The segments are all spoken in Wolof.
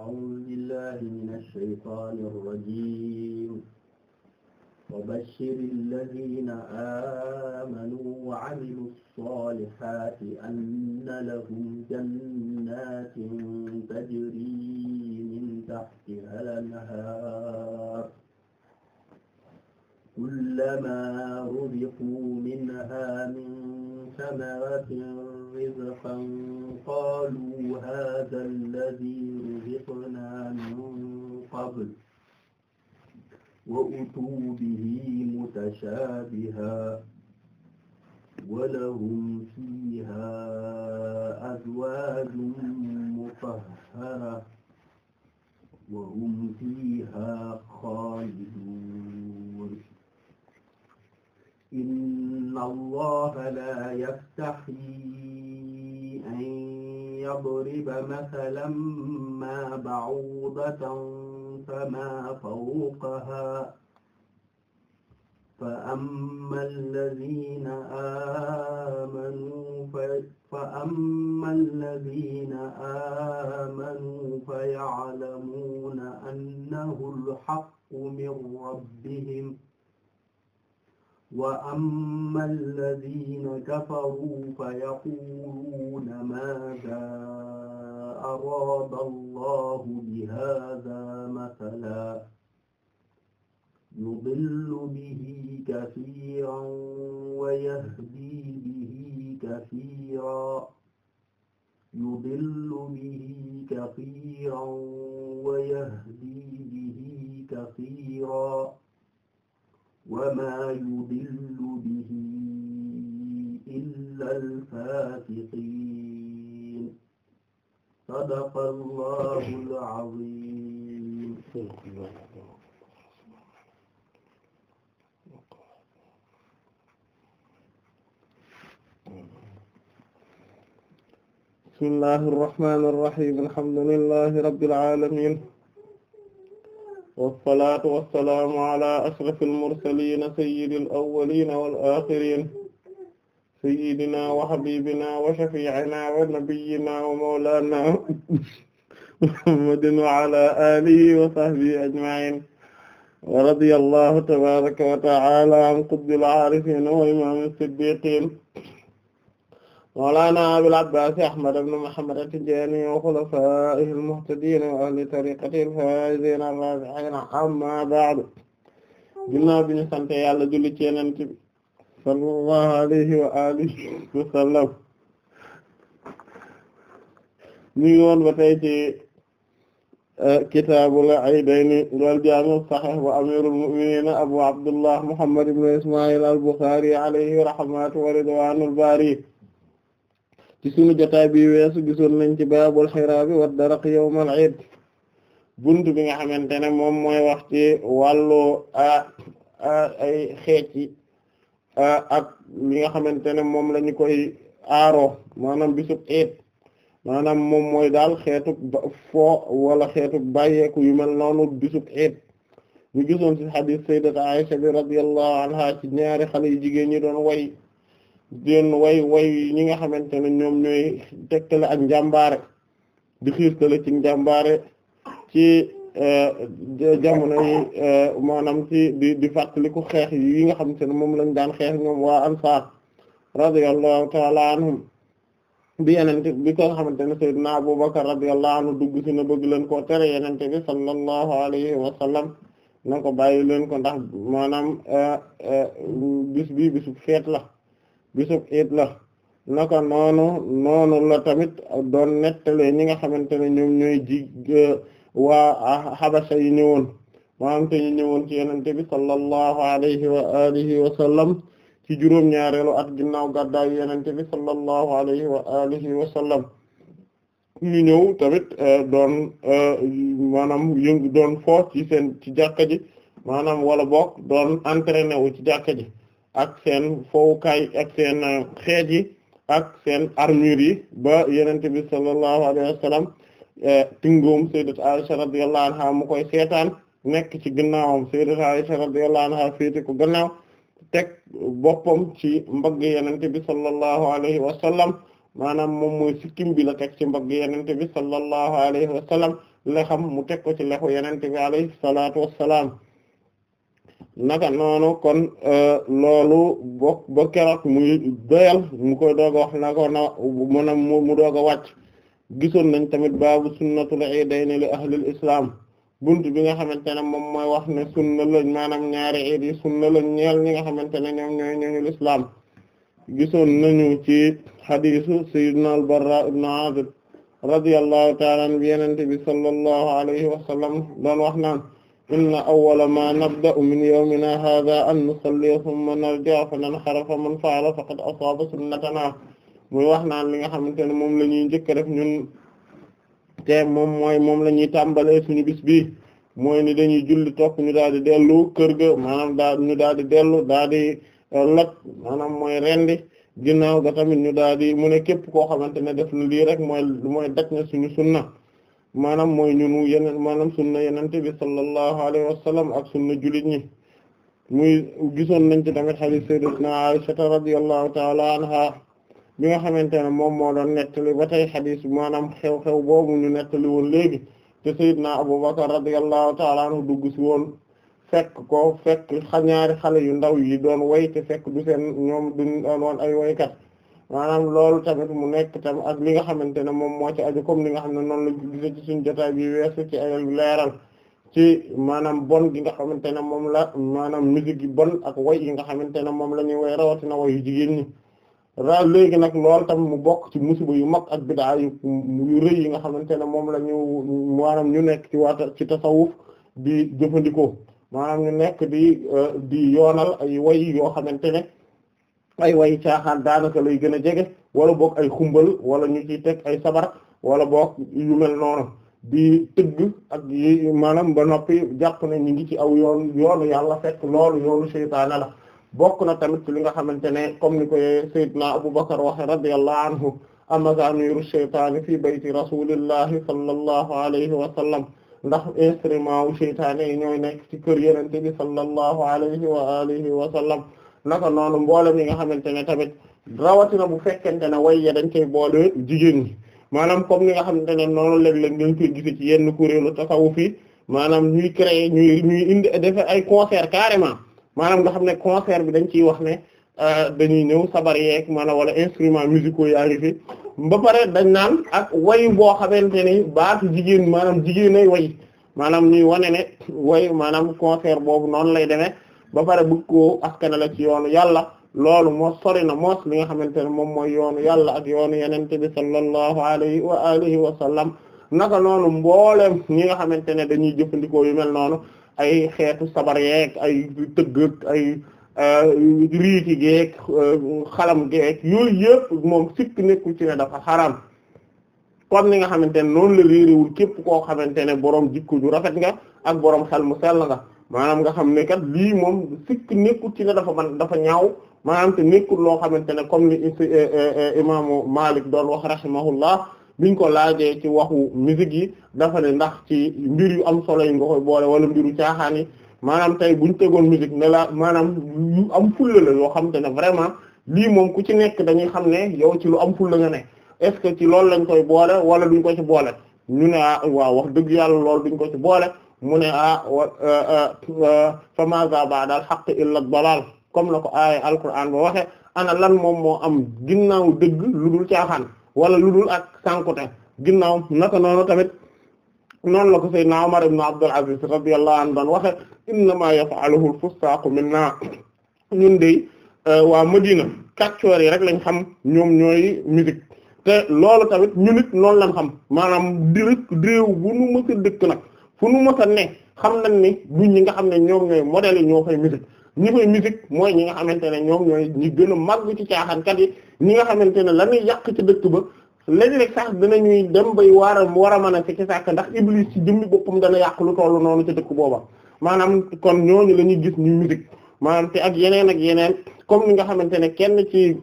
أعوذ بالله من الشيطان الرجيم وبشر الذين آمنوا وعملوا الصالحات أن لهم جنات تجري من تحتها الأنهار كلما رزقوا منها من ثمرة رزقا قالوا هذا الذي رزقنا من قبل وأتوا به متشابها ولهم فيها أزواج مطهرة وهم فيها خالدون inna allaha la yastaxyi an yadriba mathalan ma ba'udatan fama fawqaha فأما الذين آمنوا فأما الذين آمنوا فيعلمون أنه الحق من ربهم وأما الذين كفروا فيقولون ماذا أراد الله بهذا مثلا يضل به كثيرا ويهدي به كثيرا يضل به كثيرا ويهدي به كثيرا wa maa yudillu bihi illa al-fasiqiin sadaqa allahu al-aziim bismillahi rahmaani rahiim alhamdulillahi rabbil aalamiin والصلاة والسلام على أشرف المرسلين سيد الأولين والآخرين سيدنا وحبيبنا وشفيعنا ونبينا ومولانا محمد وعلى آله وصحبه أجمعين ورضي الله تبارك وتعالى عن قطب العارفين وإمام الصديقين mawlana abil abbas ahmad ibn muhammad at-tijani wa khulafaihi al-muhtadin wa ahli tariqatihi al-faizin ar-rabihin amma ba'du ginnaaw bi ñu sante yàlla julli ci yonent bi sallallahu alayhi wa alihi wa sallam ñu ngi woon ba tey ci eh, kitaabul aydayni wal jaami' as-sahih wa amirul mu'minin abu abdullah muhammad ibn isma'il al-bukhari alayhi rahmatu wa ridwanul bari ci sunu jotaay weesu gisoon nañ ci baabul xiraabi wa daraq yawmal iid bunt bi nga xamante ne moom mooy wax ci wàllu ay xeec yi ak mi nga xamante ne moom lañu koy aaro maanaam bisub iid maanaam moom mooy daal xeetuk fo wala xeetuk bàyyeeku yu mel noonu bisub iid ñu gisoon ci xadiis sayyidati Aysa bi radiyallahu anha ci ñaari xale yu jigéen ñi doon way den way way ñi nga xamante ne ñoom ñooy tegtale ak njàmbaare di xiirtale ci njàmbaare ci euh, jamono yi euh, maanaam ci di di fàttali ko xeex yi nga xamante ne moom lañ daan xeex ñoom waa ansaar radiyallahu ta'ala anhum bi yenente bi ko nga xamante ne sayyidina Abubakar radiyallahu anhu dugg ci na bëgg leen koo tere yenente bi sallallahu alayhi wa sallam na ko bàyyi leen ko ndax maanaam euh, bis bi bisu feet la bisub iid la naka noonu noonu la tamit doon nettale ñi nga xamante ne ñoom ñooy ji e, waa xabasa yi ñëwoon maanaam te ñu ñëwoon ci yenente bi sallallahu alayhi wa ci juróom ñaareelu at ginnaaw gàddaay yenente bi sallallahu alayhi wa alihi wa tamit e, doon e, maanaam yëngu doon fo ci seen ci jàkka ji maanaam wala bokk doon entraîné wu ci jàkka ji ak seen fowukaay ak seen uh, xeej yi ak seen armure yi ba yenente bi sallallahu alayhi wa sallam uh, tingoom sayyidat Aisha radiyallahu anha mu koy seetaan nekk ci ginnaawam sayyidat Aisha radiyallahu anha féete ko gannaaw teg boppam ci mbagg yenente bi sallallahu alayhi wa sallam maanaam moom mooy sikkim bi la teg ci mbagg yenente bi sallallahu alayhi wa sallam lexam mu teg ko ci lexu yenente bi alayhi salaatu wassalaam naka noonu kon euh, loolu bokk ba keroog muy doyal mu koy doog wax na ko na muna mu doog a wàcc gisoon nañ tamit baabu sunnatul iidayni li ahlil islaam buntu bi nga xamante ne moom mooy wax ne sunna lañ maanaam ñaari iid yi sunna lañ ñeel ñi nga xamante ne ñoom ñooy ñooñul islam gisoon nañu ci xadisu sayyidina al-Barra ibn Azib radiyallahu ta'ala an bi yenente alayhi wa doon wax naan inna awwala ma nabda'u min yawmina hadha an nusalli thumma narji'u fa nanhara fa man fa'ala faqad asaba sunnatana muy wax naan li nga xamante ne moom la ñuy njëkk def ñun te moom mooy moom la ñuy tàmbalee suñu bis bi mooy ni dañuy julli topp ñu daal di dellu kër ga maanaam daal ñu daal di dellu daal di uh, loj maanaam mooy rendi ginnaaw ga tamit ñu daal di mu ne képp koo xamante ne def na lii rek mooy mooy daj na suñu na maanaam mooy ñunu yeneen maanaam sunna yenente bi sallallahu alayhi wa sallam ak sunna jullit ñi muy gisoon nañ ci tamit hadith sayyidatuna Aisha radiyallahu ta'ala anha bi nga xamante ne moom moo doon nettali ba tey hadith maanaam xew-xew boobu ñu nettali woon léegi te sayyidna Abubakar radiyallahu ta'ala anhu dugg si woon fekk ko fekk xa ñaari xale yu ndaw yi doon way te fekk du seen ñoom duñ doon woon ay waykat maanaam loolu tamit mu nekk tam ak li nga xamante ne moom moo ci aju comme li nga xam ne noonu la gise ci suñu jotaay bi ci ay leeral ci maanaam bon gi nga xamante ne moom la maanaam musique yi bon ak way yi nga xamante ne moom la ñuy way rawatina wayu jigéen ñi ra léegi nag loolu tam mu bokk ci musiba yu mag ak bidaa yu yu rëy yi nga xamante ne moom la ñu maanaam ñu nekk ci waata ci tasawuf di jëfandikoo maanaam ñu nekk di euh, di yoonal ay way yoo xamante ne ay way caaxaan daanaka lay gën a jege wala boog ay xumbal wala ñu ciy teg ay sabar wala boog yu mel noonu bi tëgg ak yi maanaam ba noppi jàpp ne ñu ngi ci aw yoon yoonu yàlla fekk loolu yoonu seytaane la bokk na tamit ci li nga xamante ne comme ni ko Seydina Abu Bakar waxe radiyallahu anhu amazamiru seytaani fii bayti rasulillahi sallallahu alayhi wa sallam ndax instrument wu seytaane yi ñooy nekk ci kër yenente bi sallallahu alayhi wa alihi wa sallam naka noonu mboolem yi nga xamante ne tamit rawatina bu fekkente ne way ya dañ koy boole jigéen ñi maanaam comme ni nga xam ne noonu léeg-léeg dañ koy gise ci yenn kuréelu tasawuf yi maanaam ñuy créer ñuy ñuy indi defe ay concert carrément maanaam nga xam ne concert bi dañ ciy wax ne euh, dañuy ñëw sabar yeeg maanaam wala instruments musicaux yaa ngi fi ba pare dañ naan ak way boo xamante ni baat jigéen maanaam jigéen ay way maanaam ñuy wane ne way maanaam concert boobu noonu lay demee ba pare bëgg koo ci yoonu yàlla loolu moos sori na moos li nga xamante ne moom mooy yoonu yàlla ak yoonu yenente bi sallallahu alayhi wa alihi wa sallam naka noonu mbooleem ñi nga xamante ne dañuy jëfandikoo yu mel noonu ay xeetu sabar yeeg ay tëggëg ay euh, riiki geeg euh, xalam geeg yooyu yëpp moom sikk nekkul ci ne dafa xaram comme ni nga xamante ne noonu la réeréwul képp koo xamante ne boroom jikko ju rafet nga ak boroom xel mu sell nga maanaam nga xam ne kat lii moom sikk nekkul ci ne dafa man dafa ñaaw maanaam te nekkul loo xamante ne comme ni eh, eh, eh, imaamu Malik doon wax rahimahullah biñ ko laajee ci waxu musique yi dafa ne ndax ci mbir yu am solo yu nga koy boole wala mbiru caaxaan yi maanaam tey buñ tegoon musique ne la maanaam am fulla la yoo xamante ne vraiment lii moom ku ci nekk dañuy xam ne yow ci lu am fulla nga ne est-ce que ci loolu lañ koy boole wala duñ ko ci boole ñu ne ah, waaw wax dëgg yàlla loolu duñ ko ci boole mu ne ah eh, eh, eh, fa maza ba'da al-haqq illa ad comme la ko aaya alquran ba waxe ana lan moom moo am ginnaaw dëgg lu dul caaxaan wala lu dul ak sànkute ginnaaw naka noonu tamit noonu la ko sayyidina Umar ibn Abdul Aziz radiyallahu anhu daan waxe innama yaf'aluhu al-fustaqu minna ñun de waa Madina kàccoor yi rek lañ xam ñoom ñooy musique te loolu tamit ñun it noonu lañ xam maanaam di réew bu nu mësa dëkk na fu nu mos ne xam nañ ne du ñi nga xam ne ñoom ñooy modèles yi ñoo fay musique ñi fay musique mooy ñi nga xamante ne ñoom ñooy ñi gën a màgg ci caaxaankat yi ñi nga xamante ne la ñuy yàq ci dëkk ba léeg-léeg sax dinañuy dem bay waar a war a mën a fekk sax ndax iblis ci jëmmi boppam dana yàq lu toll noonu ci dëkk booba maanaam kon ñooñu la ñuy gis ñu musique maanaam te ak yeneen ak yeneen comme ni nga xamante ne kenn ci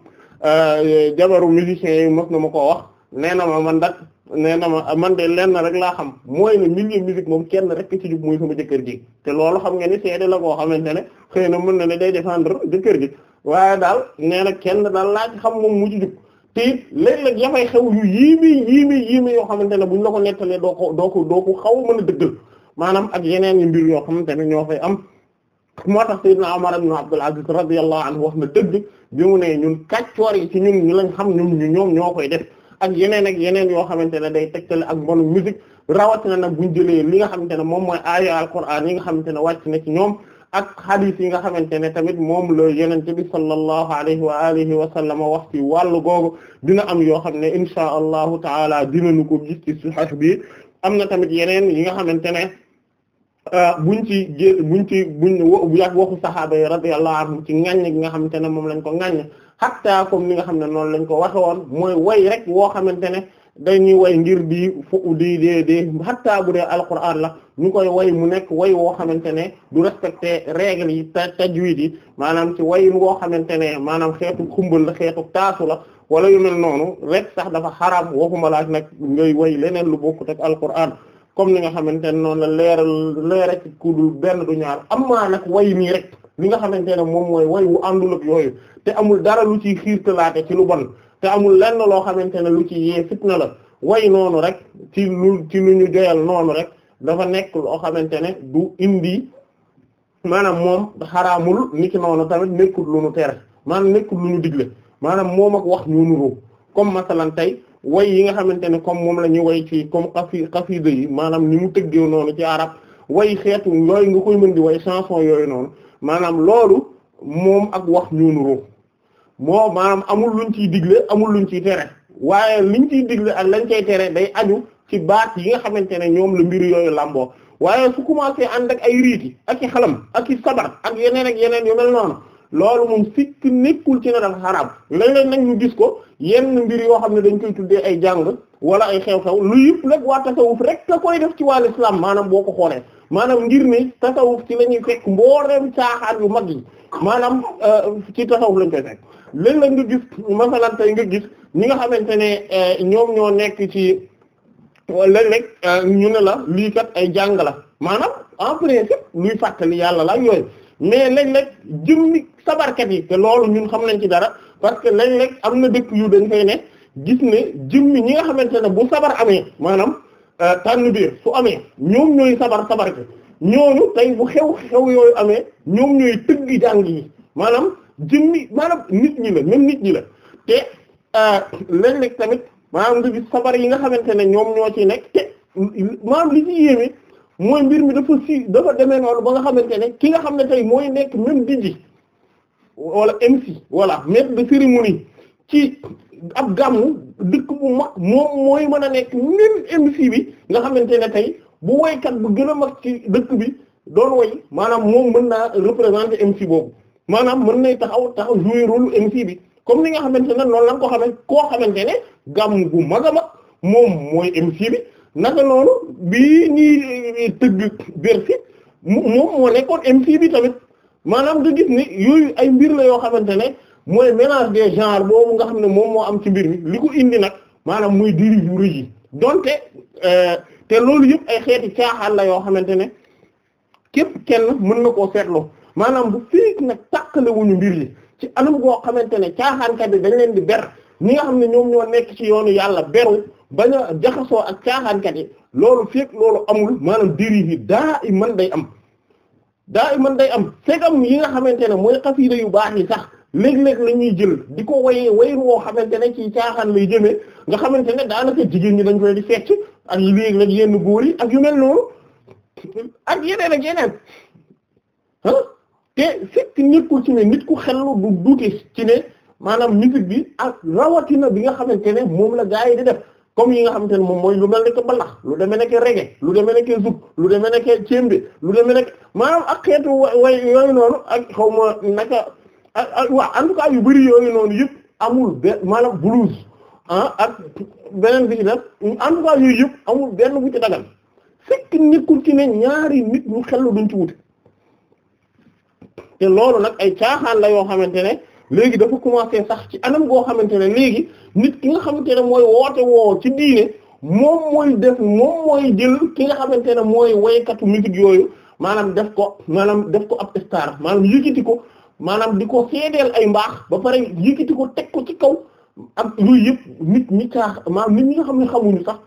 euh, jabaru musiciens yi mos na ma ko wax nee na ma man dak nee na man de lenn rek laa xam mooy ne milieu musique moom kenn rek ci jub mooy sama jëkkër ji te loolu xam nga ni seede la koo xamante ne xëy na mën na ne day défendre jëkkër ji waaye daal nee na kenn daal laa ci xam moom mu jub te it léeg-léeg xew yu yiimi yiimi yiimi yoo xamante ne buñ la ko nettalee doo ko doo ko doo ko xaw mën a dëggal maanaam ak yi mbir yoo xamante ne ñoo fay am moo tax Seydina Umar ibn Abdul Aziz radiyallahu anhu wax na dëgg bi mu ne ñun kàccoor yi ci ñun ñu lañ xam ñun ñoom ñoo koy def ak yeneen ak yeneen yoo xamante ne day tegtale ak mbonu musique rawatina nag buñ jëlee li nga xamante ne moom mooy aaya alquran yi nga xamante ne wàcc na ci ñoom ak xadiis yi nga xamante ne tamit moom la yeneen bi sallallahu alayhi wa alihi wa sallam wax ci wàllu googu dina am yoo xam ne inshaa allahu taala dinañu ko gis ci Sahih bi am na tamit yeneen yi nga xamante ne euh, buñ ci buñ ci buñ yàgg waxu sahaaba yi radiyallahu anhum ci ŋàññ gi nga xamante ne moom lañ ko ŋàññ xatta comme ni nga xam ne noonu lañ ko waxe woon mooy way rek woo xamante ne dañuy way ngir di fu di di di xatta bu dee alquran la ñu koy way mu nekk way woo xamante ne du respecté règles yi ta tajwid yi maanaam ci wayin woo xamante ne maanaam xeetu xumbal la xeetu taasu la wala yu noonu rek sax dafa xaraam waxuma laaj nag ngay way leneen lu bokkut ak alquran comme ni nga xamante ne noonu la leeral leeral ci benn du ñaar amaa nag way nii rek li nga xamante ne moom mooy way wu àndul ak yooyu te amul dara lu ciy xiirtalaate ci lu bon te amul lenn loo xamante ne lu ci yee fitna la way noonu rek ci lu ci lu ñu joyal noonu rek dafa nekk loo xamante ne du indi maanaam moom xaraamul ki noonu tamit nekkul lu ñu tere maanaam nekkul lu ñu digle maanaam moom ak wax ñu nuroo comme masalan tey way yi nga xamante ne comme moom la ñuy way ci comme xafi xafida yi maanaam ni mu tëggee noonu ci way xeetu yooyu nga koy mën di way yooyu noonu maanaam loolu moom ak wax ñu nuru moo maanaam amul luñ ciy digle amul luñ ciy tere waaye liñ ciy digle ak lañ koy tere day aju ci baat yi nga xamante ne ñoom la mbir yooyu làmboo waaye su commencé ànd ak ay riiti ak i xalam ak i sabar ak yeneen ak yeneen yu mel noonu loolu moom sikk nekkul ci ne dafa xaraam lañ léeg nag ñu gis ko yenn mbir yoo xam ne dañ koy tuddee ay jàng wala ay xew-xew lu yëpp nag waa tasawuf rek la koy def ci wàllu islam maanaam boo ko xoolee maanaam ngir ne tasawuf ci la ñuy fekk mbooleem caaxaan yu mag yi maanaam euh, ci tasawuf lañ koy fekk léeg-léeg nga gis masalan tey nga gis ñi nga xamante ne euh, ñoom ñoo nekk ci léeg-léeg euh, ñu ne la lii kat ay jàng la maanaam en principe luy fàttali yàlla la yooyu mais léeg-léeg jëmmi sabarkat yi te loolu ñun xam nañ ci dara parce que léeg-léeg am na dëkk yu dañ fay ne gis ne jëmmi ñi nga xamante ne bu sabar amee maanaam. Euh, tànn biir su amee ñoom ñooy sabar sabar ci ñooñu tey bu xew xew yooyu amee ñoom ñooy tëgg jàng yi maanaam jëmmi maanaam nit ñi la même nit ñi la te euh, léeg-léeg tamit maanaam nga gis sabar yi nga xamante ne ñoom ñoo ci nekk te maanaam li ci yéeme mooy mbir mi dafa si dafa demee noonu ba nga xamante ne ki nga xam ne tey mooy nekk même DJ wala MC voilà maître de cérémonie ci ab gàmmu dëkk bu mag moom mooy mën a nekk même MC bi nga xamante ne tey bu woykat bu gën a mag ci dëkk bi doon woy maanaam moom mën naa représenter MC boobu maanaam mën nay taxaw taxaw jouer rôle MC bi comme ni nga xamante ne noonu la ko xamante koo xamante ne gàmmu bu mag a mag moom mooy MC bi naka noonu bii ñuy eh, tëgg Bercy moom moo nekkoon MC tamit maanaam nga gis ni yooyu ay mbir la yoo xamante ne. mooy mélange de genres boobu nga xam ne moom moo am ci mbir mi li ko indi nag maanaam muy dérive yu yi donte euh, te loolu yëpp ay xeeti caaxaan la yoo xamante ne képp kenn mën na koo seetloo maanaam bu fii nag tàqale wuñu mbir yi ci anam goo xamante ne caaxaankat bi dañ leen di ber ñi xam ne ñoom ñoo nekk ci yoonu yàlla beru bañ a jaxasoo ak caaxaankat yi loolu fekk loolu amul maanaam dérive yi daa i mën day am daa i mën day am fekk am yi nga xamante ne mooy xafiida yu baax yi léegi léeg la ñuy jël di ko woyee woyin woo xamante ne ci caaxaan lay jëmee nga xamante ne daanaka jigéen ñi dañ koy di fecc ak léeg-léeg yenn góor yi ak yu mel noonu ak yeneen ak yeneen ah te ci ne nit ku xellu du duute ci ne maanaam musique bi ak rawatina bi nga xamante ne moom la gaa yi di def comme yi nga xamante ne moom mooy lu mel ne que mbalax lu demee ne que reggae lu demee ne que zouk lu demee ne que cembe lu demee ne que maanaam ak xeetu way yooyu noonu ak xaw ma naka. Ah, ah, waaw yu bëri yooyu noonu yépp amul benn maanaam blouse ah ak beneen bi ci def yëpp amul benn bu ci dagal fekk nekkul ci ne ñaari nit ñu xel duñ ci wute te loolu nag ay caaxaan la yoo xamante ne léegi dafa commencé sax ci anam goo xamante ne léegi nit ki nga xamante ne mooy woote woo ci diine moom mooy def moom mooy jël ki nga xamante ne mooy waykatu musique yooyu maanaam def ko maanaam def ko ab star maanaam yëkkati ko maanaam di ko seedeel ay mbaax ba pare yëkkati ko teg ko ci kaw am luy yëpp nit ñi caax maanaam nit ñi nga xam ne xamuñu sax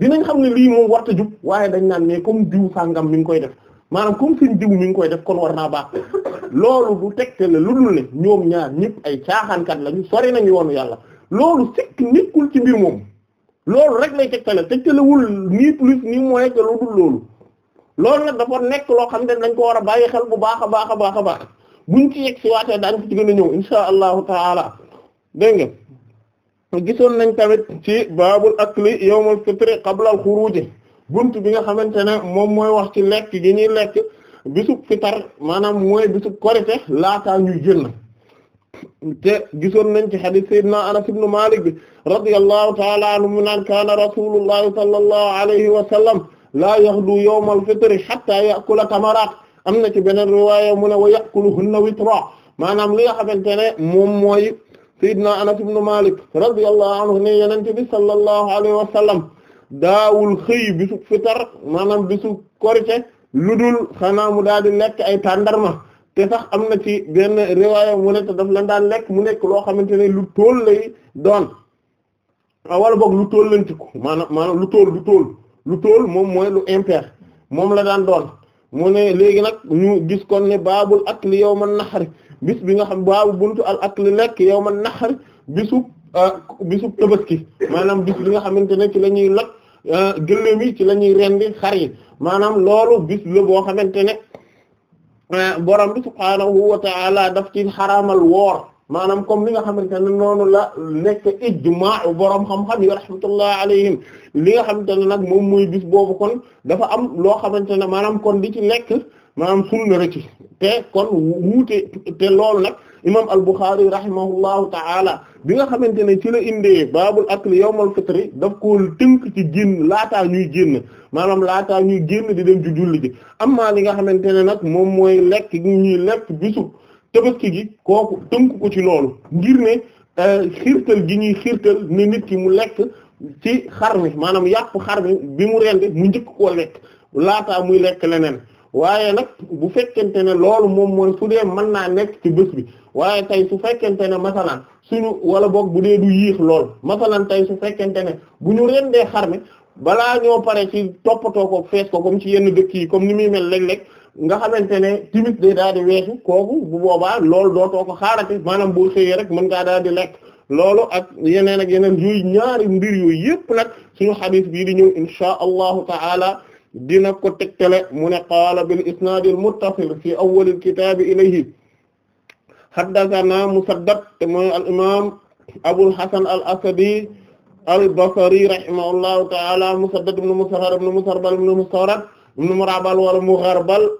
dinañ xam ne lii moom war ta jub waaye dañ naan ne comme diw sàngam mi ngi koy def maanaam comme suñ diw mi ngi koy def kon war naa baax loolu du tegtale lu dul ne ñoom ñaar ñëpp ay caaxaankat lañu sori nañu yoonu yàlla loolu sikk nekkul ci mbir moom loolu rek lay tegtale tegtalewul ni plus ni moo que lu dul loolu loolu nag dafa nekk loo xam ne dañ ko war a bàyyi xel bu baax a baax a baax a baax buñ ci yegg si waatee daañu ci gën a ñëw insha allahu taala dégg nga gisoon nañ tamit ci baabul akli yawmul fitri qabla al xuruj bunt bi nga xamante ne moom mooy wax ci lekk gi ñuy lekk bisub fitar maanaam mooy bisub korite laataa ñuy génn te gisoon nañ ci hadith sayyidina Anas ibn Malik bi ta'ala anhu mu naan kaana rasulullahi sallallahu alayhi wa sallam la yaxdu yawmal fitri hatta ya'kula tamarat am na ci beneen riwaaya mu ne wa yaquluhunna witra maanaam li nga xamante ne moom mooy sayyidina Anas ibn Malik radiyallahu anhu ne yonent bi sallallahu alayhi wa sallam daawul xëy bisu fitar maanaam bisu lu dul xanaa mu daal di lekk ay tàndarma te sax am na ci benn riwaaya mu ne te daf leen daan lekk mu nekk loo xamante ne lu tool lay doon ah, wala boog lu tool lañ ko maanaam lu tool lu tool moom mooy lu impair moom la daan doon mu ne léegi nag ñu gis kon ne baabul akli yawman nahr bis bi nga xam baabu buntu al akli lekk yawman nahr bisu ah, bisu tabaski maanaam bis bi nga xamante ne ci la ñuy lakk ah, gëléem ci la ñuy rendi xar yi maanaam loolu bis la boo xamante ne ah, borom bi subhaanahu wa ta'ala daf ci xaraamal woor maanaam comme li nga xamante ne noonu la nekk ijmaa borom xam-xam yi rahmatullah alayhim li nga xamante ne nag moom mooy bis boobu kon dafa am loo xamante ne maanaam kon di ci nekk maanaam sunna rek ci te kon wuute loolu nag imam al-Bukhari rahimahullahu ta'ala bi nga xamante ne ci la indee baabul akli yawmal fitri daf ko tënk ci génn laataa ñuy génn maanaam laataa ñuy génn di dem ci julli ji amaa li nga xamante ne nag moom mooy lekk gi ñuy lekk bisu tabaski gi kooku tënk ko ci loolu ngir ne euh, xiirtal gi ñuy xiirtal ne nit ki mu lekk ci xar mi maanaam yàpp xar mi bi mu rendi mu njëkk koo lekk laataa muy lekk leneen waaye nag bu fekkente ne loolu moom mooy su dee mën naa nekk ci bés bi waaye tey su fekkente ne masalan suñu wala boog bu dee du yiix lool masalan tey su fekkente ne bu ñu rendee xar mi balaa ñoo pare ci toppatoo ko fees ko comme ci yenn dëkk yi comme ni muy mel léeg lekk nga xamante ne timis day daal di weesu kooku bu boobaa loolu dootoo ko xaarati maanaam boo rek mën ngaa daal di lekk loolo ak yeneen ak yeneen yooyu ñaari mbir yooyu yëpp nag suñu xadis bii di ñëw inshaa allahu taala dina ko tegtale mu ne qaala bil isnaadil muttasil fi awwalil kitaabi ilayhi haddathana musaddad te mooy al imaam abul hasan al asadi al taala musaddad ibn musarhar ibn musarbal ibn musawrad ibn murabal wala mugharbal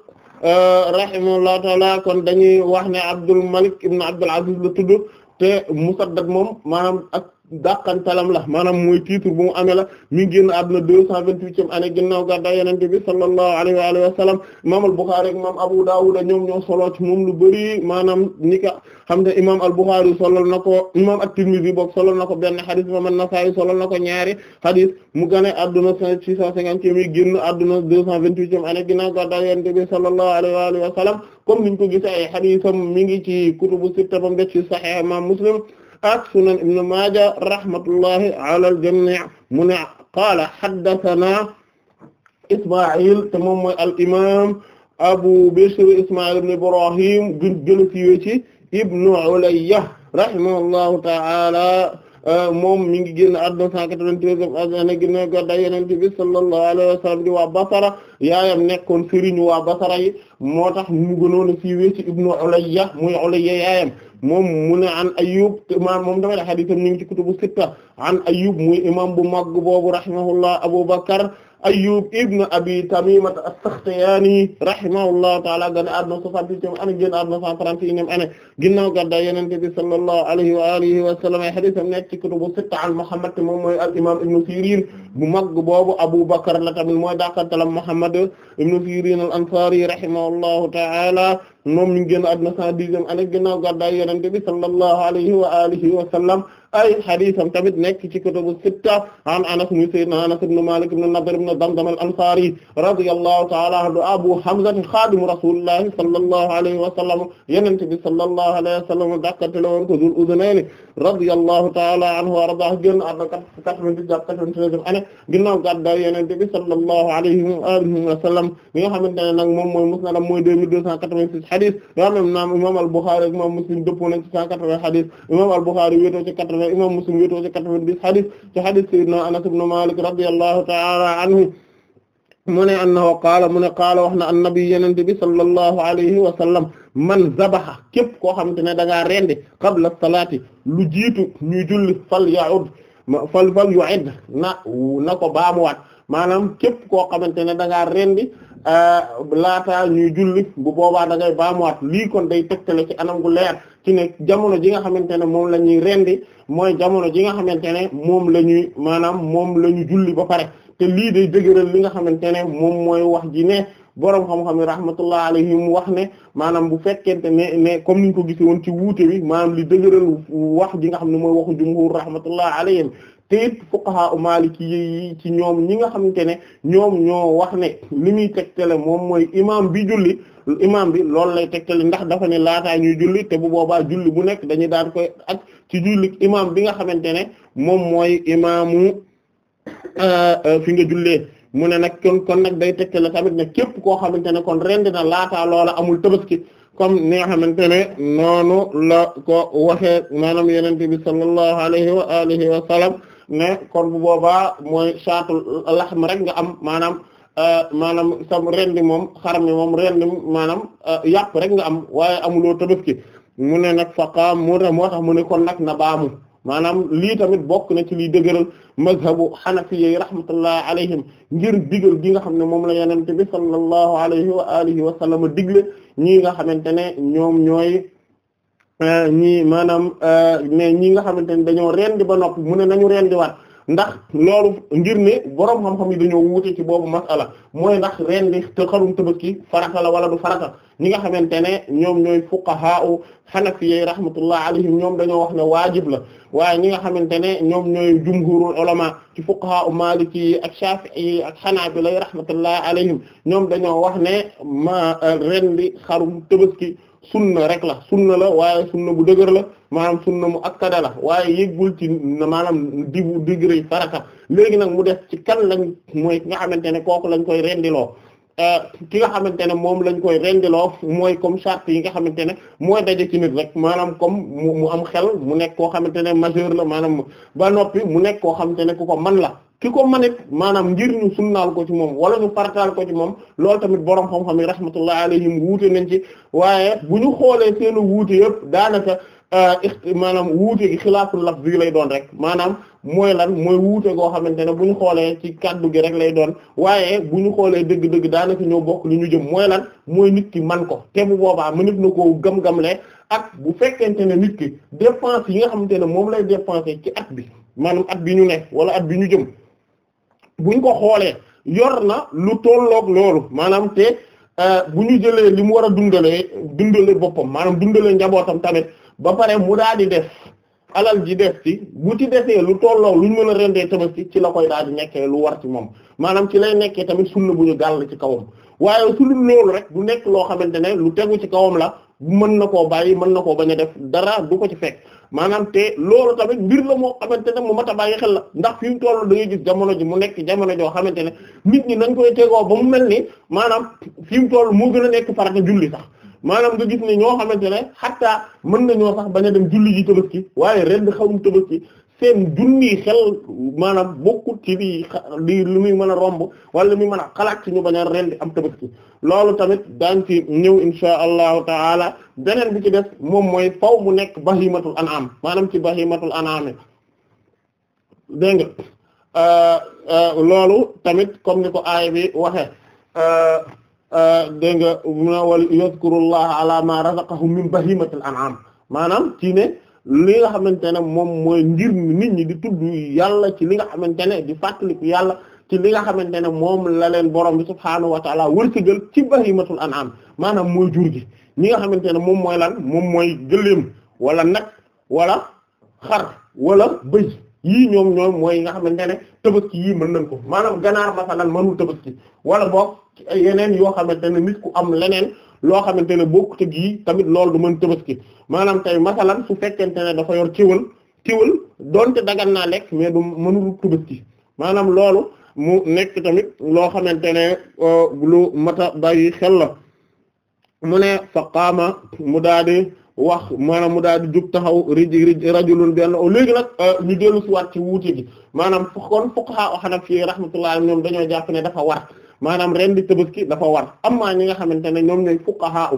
Euh, rahimahullahu taala kon dañuy wax ne Abdul Malik ibn Abdul Aziz la tudd te Musaddad moom maanaam ak dàqantalam la maanaam mooy titre bu mu amee la mi ngi génn deux cent vingt-huitième année ginnaaw gàddaay Yonent bi sallallahu alayhi wa na ko imaam at-Tirmidhi na ko benn xadis imaam na ko ñaari xadis mu gane àdduna six cent cinquantième mi alayhi wa alihi wa sallam comme niñ ko gisee mi ngi kutubu sitta bam ci Sahih imaam Muslim ak sunan ibn Maaja rahmatullahi ala al-jamii mu ne qaala haddathana Isma'il te moom mooy al imaam Abu Bishr Isma'il ibn Ibrahim gën a siiwee ci Ibn Ulayya rahimahullahu ta'ala moom mi ngi génn àdduna 193 àdduna ginnaaw gàddaay Yonent bi sallallahu alayhi wa sallam di waa Basra yaayam nekkoon sëriñu waa Basra yi moo tax mu gënoon a siiwee ci Ibn Ulayya muy Ulayya yaayam. moom mu ne an Ayyub maanaam moom dafa la xadiisam ñu ngi ci kutubu sitta an Ayyub muy imam bu mag boobu rahimahullah Abu Bakr Ayyub ibn Abi Tamimat as-Sakhtiyani rahimahullahu ta'ala gane àdduna 68 ane génn àdduna 131 ane ginnaaw gàddaay Yonent bi sallallahu alayhi wa alihi wa sallam ay hadiisam nekk ci kutubu sitta an Muhammad moom mooy al-imam Ibn Sirin bu mag boobu Abu Bakr la tamit mooy dàqantalam Muhammad ibn Sirin al-Ansari rahimahullahu ta'ala moom mi ngi génn àdduna cent dixième année ginnaaw gàddaay yonent bi sallallahu alayhi wa alihi wa sallam ay hadiisam tamit nekk ci kutubu sitta an anas muy sayyidina anas ibn malik ibn nadr ibn damdam al ansari radiyallahu ta'ala anhu abu hamza xaadimu rasulillahi sallallahu alayhi wa sallam yonent bi sallallahu alayhi wa sallam dàkkatele woon ko zul uzunayni radiyallahu ta'ala anhu wa arda génn àdduna quatre-vingt-dix quatre-vingt-treizième année ginnaaw gàddaay yonent bi sallallahu alayhi wa alihi wa sallam mi nga xamante ne nag moom mooy musnadam mooy deux mille deux cent quatre-vingt-six xadis yoo xam ne naam imam al-Bukhari Muslim dëppoo nañ ci cent quatre-vingts xadis imam ci quatre-vingts Muslim wéetoo ci quatre-vingt-dix xadis ci xadis Anas ibn Malik radiyallahu ta'ala anhu mu ne annahu qaala mu ne qaala wax annabi yenente bi sallallahu alayhi wa man zabaha képp koo xamante ne da ngaa rendi qabla salaati lu jiitu ñuy julli fal yaud fal fal yuid na na ko baamuwaat maanaam képp koo xamante ne da ngaa rendi Euh, laata ñuy julli bu boobaa da ngay baamuwaat lii kon day tegtale ci anam gu leer ci ne jamono ji nga xamante ne moom la ñuy rendi mooy jamono ji nga xamante ne moom la ñuy maanaam moom la ñu julli ba pare te lii day dëgëral li nga xamante ne moom mooy wax ji ne boroom xam-xam yi rahmatullah alayhim wax ne maanaam bu fekkente ne ne comme niñ ko gisee woon ci wuute bi maanaam li dëgëral wax ji nga xam ne mooy waxu jumhur rahmatullah alayhim te it fuqaha maliki yi ci ñoom ñi nga xamante ne ñoom ñoo wax ne li muy tegtale moom mooy imam bi julli imam bi loolu lay tegtale ndax dafa ne laataa ñuy julli te bu boobaa julli bu nekk dañuy daan koy ak ci julli imam bi nga xamante ne moom mooy imaamu euh, euh, fi nga jullee mu ne nag kon kon nag day tegtale tamit ne képp koo xamante ne kon rend na laata loola amul tabaski comme ni nga xamante ne noonu la ko waxee maanaam yenente bi sallallahu alayhi wa alihi wa sallam ne kon bu boobaa mooy saatul laxm rek nga am maanaam euh, maanaam sam rendi moom xarami moom rendi maanaam euh, yàpp rek nga am waaye amuloo tabaski mu ne nag faqaam mu ne moo tax mu ne kon nag na baamu maanaam lii tamit bokk na ci lii liy dëgëral mazhabu xanafiyey rahmatullah alayhim ngir digal gi nga xam ne moom la yenente bi sallallahu alayhi wa alihi wa sallam digle ñii nga xamante ne ñoom ñooy ma euh, maanaam mais euh, ñi nga xamante ne dañoo rendi ba noppi mu ne nañu rendiwaat ndax loolu ngir ne borom xam-xam yi dañoo wuute ci boobu masala mooy ndax rendi te xarum tabaski farata la wala du farata ñi nga xamante ne ñoom ñooy fuqahaa hanafiyyi rahmatullah alayhim ñoom dañoo wax ne waajib la waaye ñi nga xamante ne ñoom ñooy jumhurul ulama ci fuqahaa maliki yi ak shafi'i ak hanabila rahmatullah alayhim ñoom dañoo wax ne ma euh, rendi xarum tabaski sunna rek la sunna la waaye sunna bu dëgër la maanaam sunna mu akkada la waaye yëggul ci maanaam dibu degré farata léegi nag mu def ci kan lañ mooy ki nga xamante ne kooku lañ koy rendiloo euh, ki nga xamante ne moom lañ koy rendiloo mooy comme charte yi nga xamante ne mooy daje ci nit rek maanaam comme mu am xel mu nekk koo xamante ne majeur la maanaam ba noppi mu nekk koo xamante ne ku ko man la ki ko manit maanaam ngir ñu sunnaal ko ci moom wala ñu farataal ko ci moom loolu tamit borom xam-xam yi rahmatullah alayhim wuute nañ ci waaye bu ñu xoolee seen wuute yëpp daanaka euh, maanaam wuute gi xilaaful lafzi lay doon rek maanaam mooy lan mooy wuute goo xamante ne bu ñu xoolee ci kaddu gi rek lay doon waaye bu ñu xoolee dëgg-dëgg daanaka ñoo bokk li ñu jëm mooy lan mooy nit ki man ko te bu boobaa mënit na ko gam le at bu fekkente ne nit ki dépense yi nga xamante ne moom lay dépenser ci at bi maanaam at bi ñu ne wala at bi ñu jëm buñ ko xoolee yor na lu tolloog loolu maanaam te euh, bu ñu jëlee li mu war a dundalee dundale boppam maanaam dundale njabootam tamit ba pare mu daal di def alal ji def ci bu ci defee lu tolloog lu ñu mën a rendee tabaski ci la koy daal di nekkee lu war ci moom maanaam ci lay nekkee tamit sunna bu ñu gàll ci kawam waaye su dul loolu rek du nekk loo xamante ne lu tegu ci kawam la mën na koo bàyyi mën na koo bañ a def dara du ko ci fekk maanaam te loolu tamit mbir la moo xamante ne mu mat a bàyyi xel la ndax fi mu toll da ngay gis jamono ji mu nekk jamono joo xamante ne nit ñi nañ koy tegoo ba mu mel ni maanaam fi mu toll moo gën a nekk farata julli sax maanaam nga gis ne ñoo xamante ne xataa mën ñoo sax bañ a dem julli ji tabaski waaye ren xawum tabaski seen junni xel maanaam bokkut ci di di lu muy mën a romb wala lu muy mën a xalaat ci ñu bañ a rendi am tabaski loolu tamit daañ ci ñëw insha taala beneen bi ci def moom mooy faw mu nekk bahimatul an'am maanaam ci bahimatul an'am dégg nga euh, euh, loolu tamit comme ni ko aay bi waxe euh, dégg nga wala yazkurullaha ala ma razaqahum min bahimatil an'am maanaam ci ne lii nga xamante ne moom mooy ngir nit ñi di tudd yàlla ci li nga xamante ne di fàttaliku yàlla ci li nga xamante ne moom la leen borom bi subhaanahu wa taala wërsëgal ci bahimatul an'am maanaam mooy jur gi ñi nga xamante ne moom mooy lan moom mooy gëléem wala nag wala xar wala bëy yii ñoom ñoom mooy nga xamante ne tabaski yii mën nañ ko maanaam ganaar masalan mënul tabaski wala boog yeneen yoo xamante ne nit ku am leneen loo xamante ne bokkut ak yii tamit loolu du mën tabaski maanaam tey masalan su fekkente ne dafa yor kéwal kéwal donte dagan naa lekk mais du mënul tabaski maanaam loolu mu nekk tamit loo xamante ne euh, lu mata bàyyi xel la mu ne fa qaama mu daade wax maanaam mu daal di jug taxaw rij rajulun benn o léegi nag euh, ñu dellu si waat ci wuute gi maanaam kon fuqaha hanafi rahmatullah ñoom dañoo jàpp ne dafa war maanaam ren di tabaski dafa war amma ñi nga xamante ne ñoom ñooy fuqaha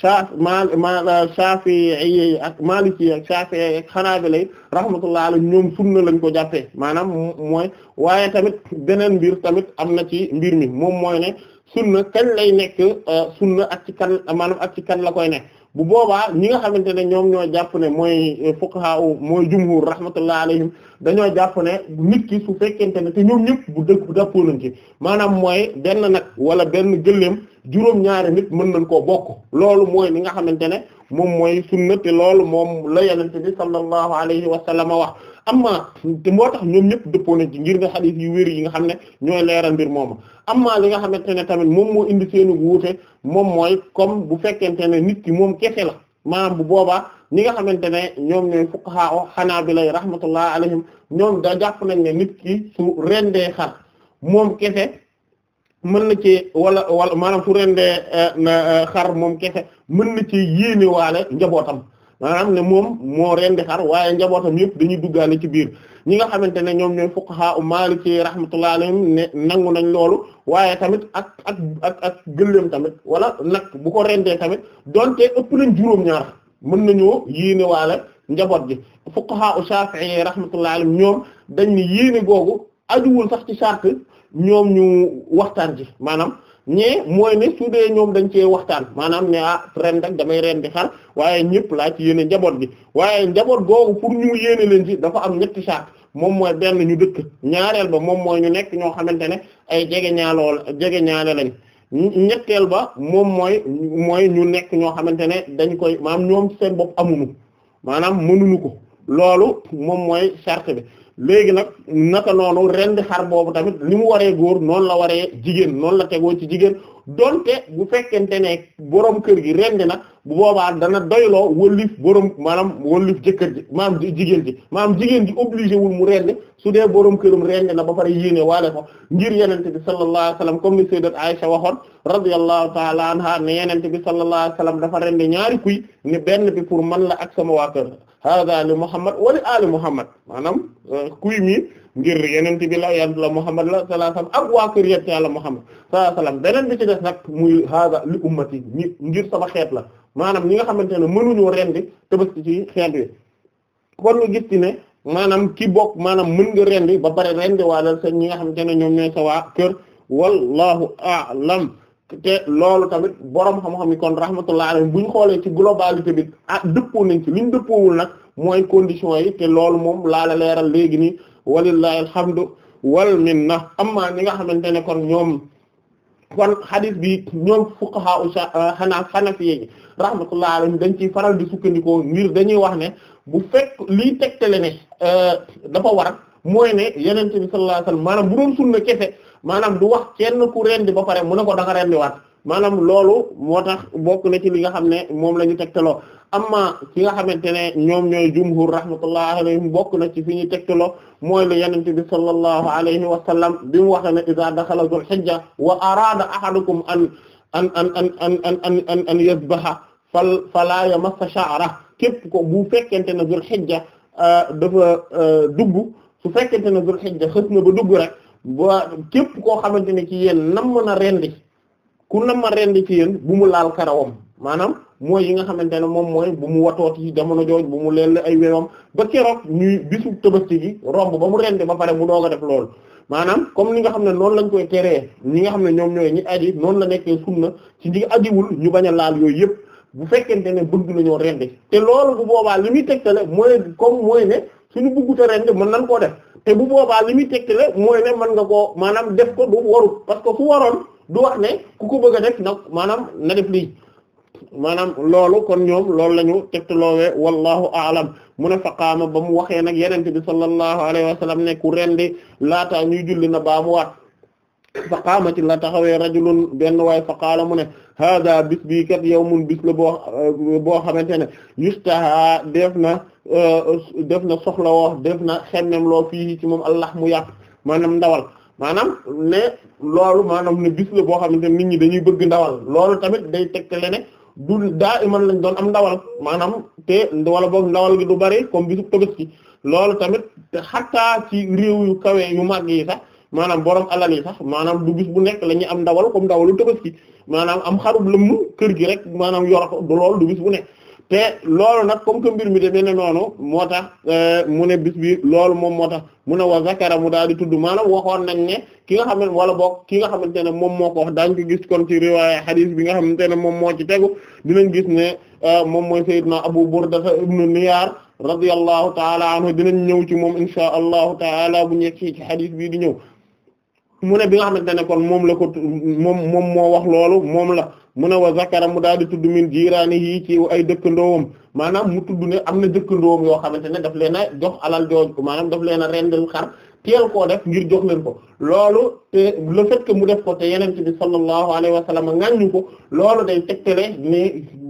shaaf maal maal Shafi'i ak Maliki ak Shafi'i ak Hanabila rahmatullah alayhim ñoom sunna lañ ko jàppee maanaam mooy waaye tamit beneen mbir tamit am na ci mbir mi moom mooy ne sunna kañ lay nekk euh, sunna ak ci kan maanaam ak ci kan la koy nekk. bu boobaa ñi nga xamante ne ñoom ñoo jàpp ne mooy euh, fuqaha mooy jumhur rahmatullah alayhim dañoo jàpp ne nit ki su fekkente ne te ñoom ñëpp bu dëkk bu dàppoo nañ ci maanaam mooy benn nag wala benn gëléem juróom-ñaari nit mën nañ koo bokk loolu mooy li nga xamante ne moom mooy sunna te loolu moom la yenente bi sallallahu alayhi wa sallam wax amma te moo tax ñoom ñëpp dëppoo na ci ngir ne xadis yu wér yi nga xam ne ñooy leeral mbir moom amma li nga xamante ne tamit moom moo indi seeni wuute moom mooy kom bu fekkente ne nit ki moom kese la maanaam bu boobaa ñi nga xamante ne ñoom ñooy fuqaha o xanaabila yi rahmatullah alayhim ñoom da jàpp nañ ne nit ki su rendee xar moom kese mën na ci wala wala maanaam su rendee eh, eh, moom kese mën na ci yéene waale njabootam maanaam ne moom moo rendi xar waaye njabootam yëpp dañuy duggaale ci biir ñi nga xamante ne ñoom ñooy fuqaha u maliki rahmatullahi alayhim ne nangu nañ loolu waaye tamit ak ak ak ak gëléem tamit wala nag bu ko rendee tamit donte ëpp nañ juróom-ñaar mën nañu yéene waale njaboot ji fuqaha u shafi'i rahmatullahi alayhim ñoom dañ ne yéene googu ajuwul sax ci charte ñoom ñu waxtaan ji maanaam ñee mooy ne su dee ñoom dañ cee waxtaan maanaam ne ah ren rek damay ren di xar waaye ñëpp laa ci yéene njaboot bi waaye njaboot googu pour ñu yéene leen ci dafa am ñetti saat moom mooy benn ñu dëkk ñaareel ba moom mooy ñu nekk ñoo xamante ne ay jege ñaalool jege ñaale lañ ñetteel ba moom mooy mooy ñu nekk ñoo xamante ne dañ koy maanaam ñoom seen bopp amuñu maanaam mënuñu ko loolu moom mooy charte bi léegi nag naka noonu rendi xar boobu tamit ni mu waree góor noonu la waree jigéen noonu la tegoo ci jigéen donte bu fekkente ne borom kër gi rendi nag bu boobaa dana doyloo wëllif borom maanaam wëllif jëkkër ji maanaam jigéen ji maanaam jigéen ji obligé wul mu rendi su dee borom këram rendi na ba pare yéene waale ko ngir yenente bi sallallahu alayhi wasallam comme ni sayyidat Aisha waxoon radiyallahu ta'ala anha ne yenente bi sallallahu alayhi wasallam dafa rendi ñaari kuy ne benn bi pour man la ak sama waa kër hada li Muhammad wa li ali Muhammad maanaam euh, kuy mi ngir yeneen bi la yant la Muhammad la sallallahu alayhi wasallam ak waa kër yent yàlla Muhammad beneen bi ci des nag muy hada li ummati ñi ngir sama xeet la maanaam ñi nga xamante ne mënuñoo rendi tabaski ci xeet wi kon ñu gis ci ne maanaam ki bokk maanaam mën nga rendi ba pare rendi waalal seen ñi nga xam ne ñoom ñooy sa waa kër wallahu a'lam te loolu tamit borom xam-xam yi kon rahmatullah alayhi bu ñu xoolee ci globalité bi a ah, dëppoo nañ ci li ñu nag mooy condition yi te loolu moom laa leeral léegi nii walillahi alhamdu wal minna amma ñi nga xamante ne kon ñoom kon bi ñoom fuqaha u xanaa ah, xanafiye yi rahmatullah alayhi dañ ciy faral di sukkandikoo ngir dañuy wax ne bu fekk liy tegtale ne eh, dafa war mooy ne yenente bi sallallahu alayhi wasallam maanaam bu doon sunna kese maanaam du wax kenn ku reen rendi ba pare mun na ko da nga rendiwaat maanaam loolu moo tax bokk na ci li nga xam ne moom la ñu tegtaloo amma ki nga xamante ne ñoom ñooy jumhur rahmatullahi alayhim bokk na ci fi ñuy tegtaloo mooy lu yenente bi sallallahu alayhi wa sallam bi mu waxe ne iza dakhala dhul hijja wa arada ahadukum an an an an an an an an yasbaha fal fala yamassa sha'ra képp ko bu fekkente ne dhul hijja euh, dafa euh, dugg su fekkente ne dhul hijja xës na ba dugg rek ba képp koo xamante na ci yéen nam mën a rendi ku nam ma rendi ci yéen bu mu laal karawam maanaam mooy yi nga xamante ne moom mooy bu mu watoot ci jamono jooj bu mu leel ay weewam ba keroog ñuy bisu ci gi romb ba mu rendi ba pare mu doog a def loolu maanaam comme li nga xam ne noonu lañ koy teree ñi nga xam ne ñoom ñooy ñi aji noonu la nekkee sunna ci ñi ajiwul ñu bañ a laal yooyu yëpp bu fekkente ne bëgg nañoo rendi te loolu bu boobaa li muy tegtale mooy comme mooy ne suñu bëggut a rendi mën nañ koo def te bu boobaa li muy tegtale mooy ne mën nga koo maanaam def ko du warut parce que fu waroon du wax ne ku ko bëgg a def nag maanaam na def lii maanaam loolu kon ñoom loolu la ñu tegtaloowee wallahu aalam mu ne fa qaama ba mu waxee nag yeneen bi sallallahu alayhi wa sallam ne ku rendi laataa ñuy julli na baa mu waat fa qaama ci la taxawee rajulun benn waay fa qaala mu ne hada bis bii kat yawmun bis la boo boo xamante ne yustaha def na euh, def na soxla woo def na xemmem loo fii ci moom allah mu yàpp maanaam ndawal maanaam ne loolu maanaam ne bis la boo xamante ne nit ñi dañuy bëgg ndawal loolu tamit day tegtale ne du daa iman lañ doon am ndawal maanaam te wala boog ndawal gi du bari comme bisu Tabaski loolu tamit te xataa ci réew yu kawe yu màgg yi sax maanaam borom alal yi sax maanaam du bis bu nekk la ñuy am ndawal comme ndawalu tabaski maanaam am xarub lëmm kër gi rek maanaam yor ko du lool du bis bu nekk te loolu nag comme que mbir mi demee ne noonu moo tax euh, mu ne bis bi loolu moom moo tax mu ne wa zakara mu daal di tudd maanaam waxoon nañ ne ki nga xam ne wala boog ki nga xamante ne moom moo ko wax daañ gis kon ci riwaaya hadith bi nga xamante ne moom moo ci tegu dinañ gis ne euh, moom mooy sayyidna Abu Burda ibnu Niyaar radiyallahu taala anhu dinañ ñëw ci moom insha allahu taala bu ñekk ci hadith bii di ñëw mu ne bi nga xamante ne kon moom la ko moom moom moo wax loolu moom la mun a wa zakara mu daal di tudd min jiiraani yi ci ay dëkkandoowam maanaam mu tudd ne am na dëkkandoowam yoo xamante ne daf leen a jox alal jooju maanaam daf leen a rendil xar teel koo def ngir jox leen ko loolu te le fait mu def ko te yenente bi sallallahu alayhi wa sallam ŋàññu ko loolu day tegtale ne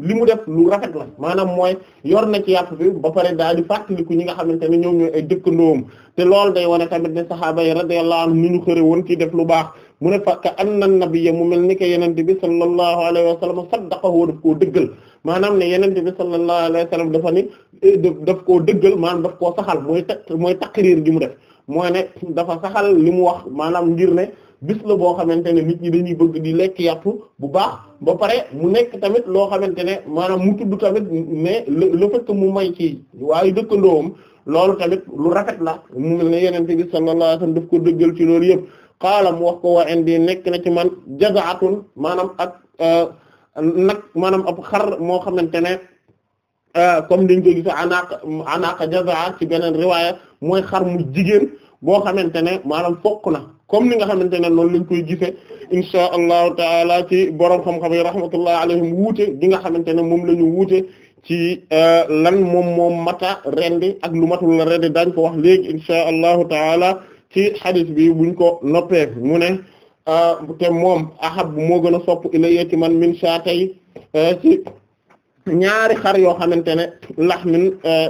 li mu def lu rafet la maanaam mooy yor na ci yàpp bi ba pare daal di fàttaliku ñi nga xamante ne ñoom ñooy ay dëkkandoom te loolu day wane tamit ne sahaaba yi radiyallahu anhum ni ñu xëre woon ci def lu baax mu ne fa ka anna nabiyya mu mel ni que yenente bi sallallahu alayhi wa sallam saddaqahu daf koo dëggal maanaam ne yenente bi sallallahu alayhi wa sallam dafa ni eh, daf koo dëggal maanaam daf koo saxal mooy mooy taqrir gi mu def mooy ne dafa saxal li mu wax maanaam ngir ne bis la boo xamante ne nit ñi dañuy bëgg di lekk yàpp bu baax ba pare mu nekk tamit loo xamante ne maanaam mu tudd tamit mais le fait mu may ci waaye dëkkandoom loolu tamit lu rafet la mu mel ne yenente bi sallallahu alayhi wasallam daf ko dëggal ci loolu yëpp xaala mu wax ko waa indi nekk na ci man jazaatun maanaam ak euh, nag maanaam ab xar moo xamante ne Euh, comme dañ ko gis anaka anaka jaza ci beneen riwaaya mooy xar mu jigéen boo xamante ne maanaam fokk na comme ni nga xamante ne noonu lañ koy gisee insha allahu taala ci borom xam-xam yi rahmatullah alayhim wuute gi nga xamante ne moom la ñu wuute ci euh, lan moom moom mata rendi ak lu matul la daañ dañ ko wax léegi insha allahu taala ci hadith bi buñ ko noppee mu ne euh, te moom ahab moo gën a sopp ilayya ci man min sha tay ñaari xar yoo xamante ne lax min euh,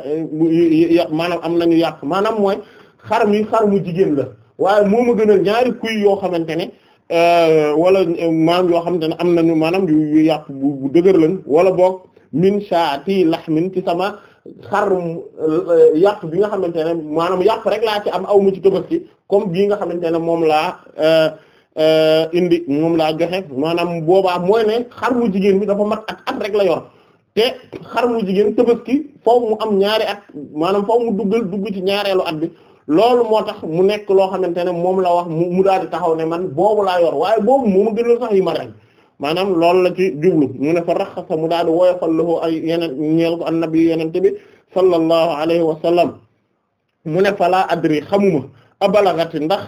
euh, maanaam am nañu yàq maanaam mooy xar mi xar mu jigéen la waaye moom ma gënal ñaari kuy yoo xamante ne euh, wala maanaam yoo xamante ne am nañu maanaam yu yàq bu dëgër lañ wala boog min shaati lax min ci sama xar yàq bi nga xamante ne maanaam yàq rek laa ci am aw ma ci tabaski comme bii nga xamante ne moom laa indi moom laa joxe maanaam boobaa mooy ne xar mu jigéen bi dafa mat ak at rek la yor te xar mu jigéen tabaski foofu mu am ñaari at maanaam foofu mu duggal dugg ci ñaareelu at bi loolu moo tax mu nekk loo xamante ne moom la wax mu daal di taxaw ne man boobu laa yor waaye boobu mooma gënal sax yi ma rek maanaam loolu la ci jublu mu ne fa raxasa mu daal di woyofal lahu ay yeneen ñeel ko annabi yenente bi sallallahu alayhi wa sallam mu ne falaa adri xamuma abalagati ndax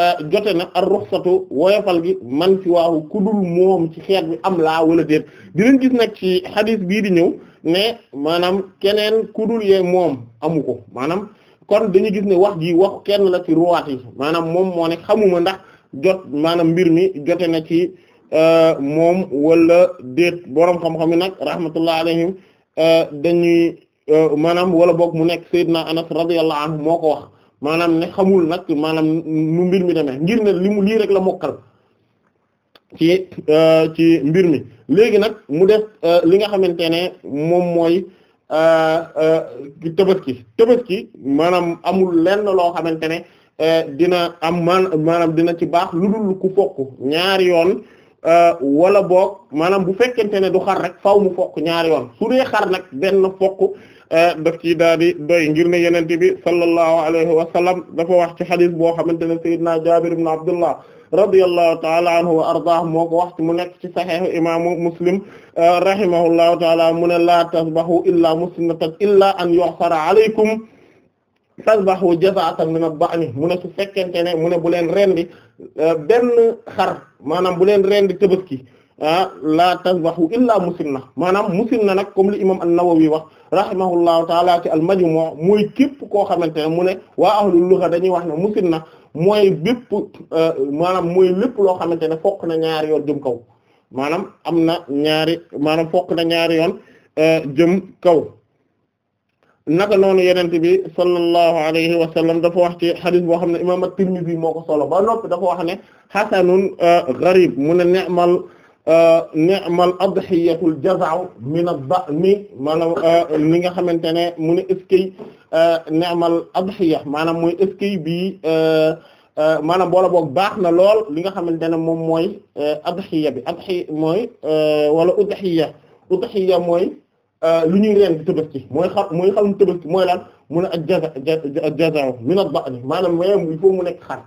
Euh, jote na ar ruxsatu woyofal gi man ci waawu kudul moom ci xeet bi am laa wala déet dinañ gis nag ci xadis bii di ñëw ne maanaam keneen kudul yee moom amu ko maanaam kon dañu gis ne wax gi wax kenn la ci ruwaat yi maanaam moom moo ne xamuma ndax jot maanaam mbir mi jote na ci euh, moom wala déet boroom xam-xam yi nag rahmatullah alayhim euh, dañuy maanaam wala boog mu nekk sayyidna anas radiyallahu anhu moo ko wax maanaam ne xamul nag maanaam nu mbir mi demee ngir ne li mu lii rek la mokkal ci euh, mbir mi léegi nag mu def euh, li nga xamante ne moom mooy euh, tëbët tabaski maanaam amul lenn loo xamante ne dina am maanaam dina ci baax lu dul ku fokk ñaari yoon wala boog maanaam bu fekkente ne du xar rek faaw mu fokk ñaari yoon su dee xar nag benn fokk Eh, daf ciy daal di doy ngir ne yenente bi sallallahu alayhi wa sallam dafa wax ci xadis boo xamante ne sayyidina Jaabir ibn Abdullah radiyallahu taala anhu wa ardaah moo ko wax mu nekk ci saxiix imaamu muslim eh, rahimahullahu taala mu ne laa tasbahu illaa musnatan illaa an yuxsara alaykum tasbahu jazaatan min ad-da'ni mu ne su fekkente ne mu ne bu leen rendi eh, benn xar maanaam bu leen rendi tabaski Ah, la tasbahu illa musinna maanaam na nag comme li imam an-Nawawi wax rahimahullahu taala ci al-Majmu' mooy képp koo xamante ne mu ne waa ahlul lugha dañuy wax ne na mooy bépp euh, maanaam mooy lépp loo xamante ne fok na ñaari yoon jëm kaw maanaam am na ñaari maanaam fokk na ñaari yoon euh, jëm kaw naka noonu yenent bi sallallahu alayhi wa sallam dafa wax ci xadis boo xam ne imam at-Tirmidhi moo ko solo ba noppi dafa wax ne xasanun euh, gharib mu ne ni'mal Euh, ni'mal adhiyatul jaza'u min ad-da'ni maanaam euh, li nga xamante ne mu ne eskay euh, ni'mal adhiya maanaam mooy eskay bii maanaam boola boog baax na lool li nga xamante ne moom mooy adhiya bi adhiya mooy wala udhiya udhiya mooy lu ñuy reen di tabaski mooy xam mooy xam tabaski mooy lan mu ne ak jaza jaza'u min ad-da'ni maanaam waaye il faut mu nekk xar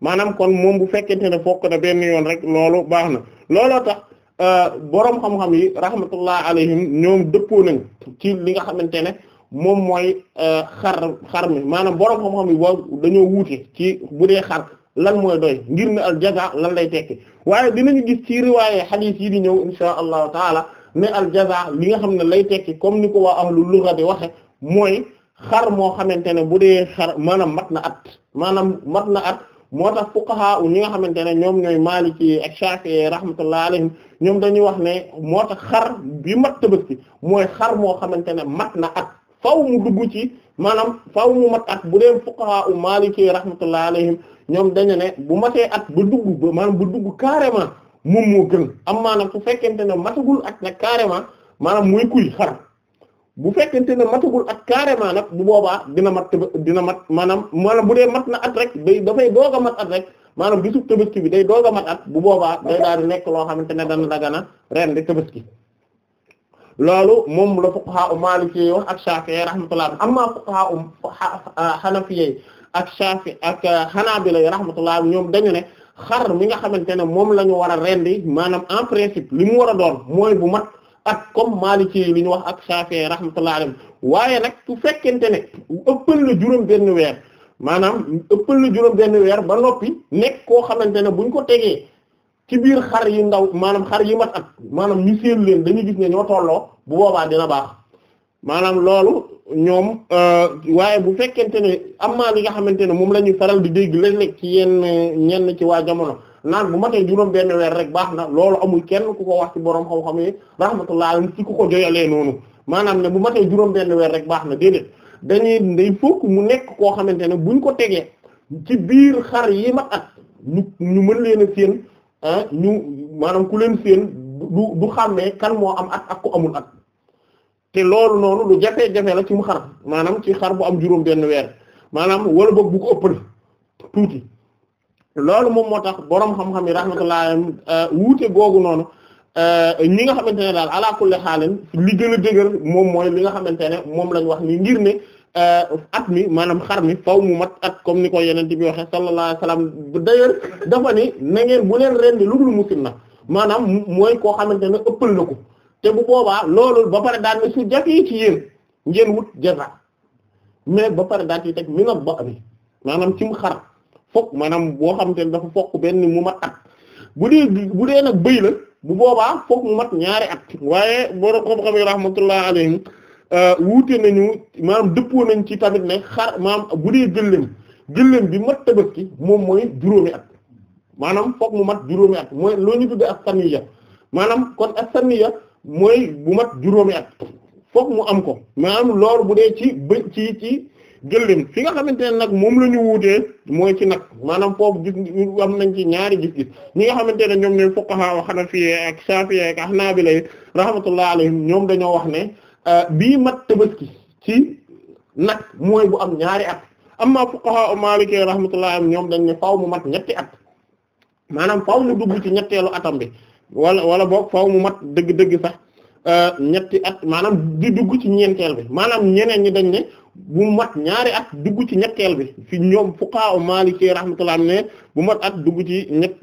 maanaam kon moom bu fekkente ne fokk na benn yoon rek loolu baax na looloo tax euh, boroom xam-xam yi rahmatullah alayhim ñoom dëppoo nañ ci li nga xamante ne moom mooy euh, xar xar mi maanaam boroom xam-xam yi boobu dañoo wuute ci bu dee xar lan mooy doy ngir ne al jaza lan lay tekki waaye dinañu gis ci riwaaye xadiis yi di ñëw insha allahu taala ne al jaza li nga xam ne lay tekki comme ni ko waa ahlu lugha di waxe mooy xar moo xamante ne bu dee xar maanaam mat na at maanaam mat na at moo tax fuqaha ñi nga xamante ne ñoom ñooy ci ak Shafi'i rahmatullahi alayhim ñoom dañuy wax ne moo tax xar bi mat tabaski mooy xar moo xamante ne mat na at faw mu dugg ci maanaam faw mu mat at bu dee fuqaha u Maliki rahmatullahi alayhim ñoom dañu ne bu matee at bu dugg ba maanaam ba dugg carrément moom moo gën am maanaam su fekkente ne matagul at nag carrément maanaam mooy kuy xar bu fekkente ne matagul at carrément nag bu boobaa dina mat dina mat maanaam maanaam bu dee mat na at rek day dafay doog a mat at rek maanaam bisu tabaski bi day doog a mat at bu boobaa day daal nekk loo xamante ne dana dagana ren di tabaski loolu moom la fuqaha u maliki wax ak shafi'i rahmatullah amma fuqaha u hanafiyyi ak shafi ak hanabila rahmatullah ñoom dañu ne xar mi nga xamante ne moom lañu ñu war a rendi maanaam en principe li mu war a doon mooy bu mat ak comme Maliki ci li ñu wax ak Shafi'i rahmatullahi alayhi waaye nag su fekkente ne ëppal la juróom benn weer maanaam ëppal la juróom benn weer ba noppi nekk koo xamante ne buñ ko tegee ci biir xar yu ndaw maanaam xar yi mat at maanaam ñu séen leen dañu gis ne ñoo tolloo bu boobaa dina baax maanaam loolu ñoom euh, waaye bu fekkente ne am na li nga xamante ne moom lañuy ñuy faral di dégg léeg-léeg ci yenn ñenn ci waa jamono naan bu matee juróom benn weer rek baax na loolu amul kenn ku ko wax ci borom xam-xam yi rahmatullah alayhi ci ku ko joyalee noonu maanaam ne bu matee juróom benn weer rek baax na déedéet dañuy day fokk mu nekk koo xamante ne buñ ko tegee ci biir xar yi ma at ñu ñu mën leen a séen ah ñu maanaam ku leen séen du du xàmmee kan moo am at ak ku amul at te loolu noonu lu jafe-jafe la ci xar maanaam ci xar bu am juróom benn weer maanaam wala boog bu ko ëppal tuuti loolu moom moo tax borom xam-xam yi rahmatullah euh, wuute googu noonu euh, ñi nga xamante ne daal ala kulli xaalin li gën a dëgër moom mooy li nga xamante ne moom lañu wax nii ngir ne euh, at mi maanaam xar mi faw mu mat at comme ni ko yeneen bi waxee sallallahu alayhi wasallam d'ailleurs dafa ni na ngeen bu leen rendi lu dul musin na maanaam mooy koo xamante ne ëppal na ko te bu boobaa loolu ba pare daal ne su jafee ci yéen ngeen wut jaza mais ba pare daal di teg mi na ba maanaam ci xar. fokk maanaam boo xam ne dafa fokk benn mu mat at bu dee bu dee nag bëy la bu boobaa fokk mu mat ñaari at waaye borom xam-xam yi rahmatullah alayhim euh, wuute nañu maanaam dëppoo nañ ci tamit ne xar maanaam bu dee gëléem gëléem bi mat ki moom mooy juróomi at maanaam fokk mu mat juróomi at loo ñu tuddee as-saniya maanaam kon mooy bu mat juróomi fokk mu am ko maanaam loolu bu dee ci bë ci ci. gëléem fi nga xamante ne nag moom la ñu wuutee mooy ci nag maanaam foofu gis am nañ ci ñaari gis ñi nga xamante ne ñoom ñooy fuqaha Hanafi ak Shafi'i ak Hanabila rahmatullah alayhim ñoom dañoo wax ne euh, bii mat tabaski ci nag mooy bu am ñaari at amma fuqaha Maliki ñoom dañ ne mu mat ñetti at maanaam faaw mu dugg ci ñetteelu atam bi wala wala boog faaw mu mat dëgg-dëgg sax euh, ñetti at maanaam di dugg ci ñeenteel bi maanaam ñeneen ñi dañ ne bu mat ñaari at dugg ci ñetteel bi fi ñoom fuqaha Maliki rahmatullah ne bu mat at dugg ci ñett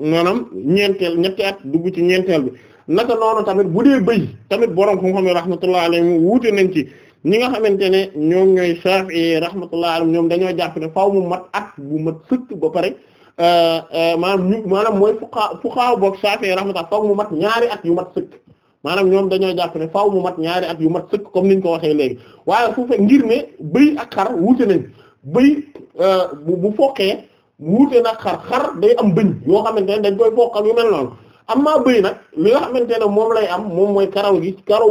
maanaam ñeenteel ñetti at dugg ci ñeenteel bi naka noonu tamit bu dee bëy tamit borom xam-xam rahmatullah alayhi wuute nañ ci ñi nga xamante ne ñoom ñooy Shafi'i rahmatullah alayhi ñoom dañoo jàpp ne faw mu mat at bu mat sëkk ba pare euh, euh, maanaam ñu maanaam mooy fuqaha fuqaha boog Shafi'i rahmatullah faaw mu mat ñaari at yu mat sëkk. maanaam ñoom dañoo jàpp ne faaw mu mat ñaari at yu mat sëkk comme niñ ko waxee léegi waaye fu fekk ngir ne bëy ak xar wuute nañ bëy euh, bu fokkee wuute na xar xar day am bëñ yoo xamante ne dañ koy fokk ak yu mel noonu amma bëy nag li nga xamante ne moom lay am moom mooy karaw gi karaw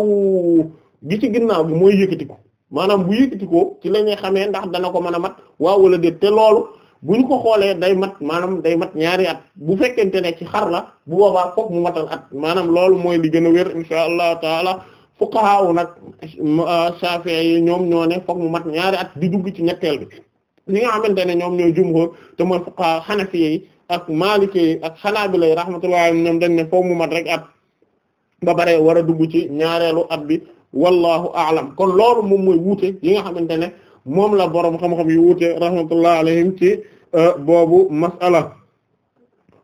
gi ci ginnaaw gi mooy yëkkati ko maanaam bu yëkkati ko ci la ñuy xamee ndax dana ko mën a mat waaw wala déet te loolu bu ñu ko xoolee day mat maanaam day mat ñaari at bu fekkente ne ci xar la bu boobaa foog mu matal at maanaam loolu mooy li gën a wér insha allahu taala fuqaha wu nag Shafi'i yi ñoom ñoo ne foog mu mat ñaari at di dugg ci ñetteel bi ñi nga xamante ne ñoom ñooy jumhur te mooy fuqaha Hanafi yi ak Maliki ak ak Hanabila yi rahmatullahi ñoom dañ ne foog mu mat rek at ba bare war a dugg ci ñaareelu at bi wallahu a'lam kon loolu moom mooy wuute yi nga xamante ne moom la borom xam-xam yu wuute rahmatullah alayhim ci euh, boobu masala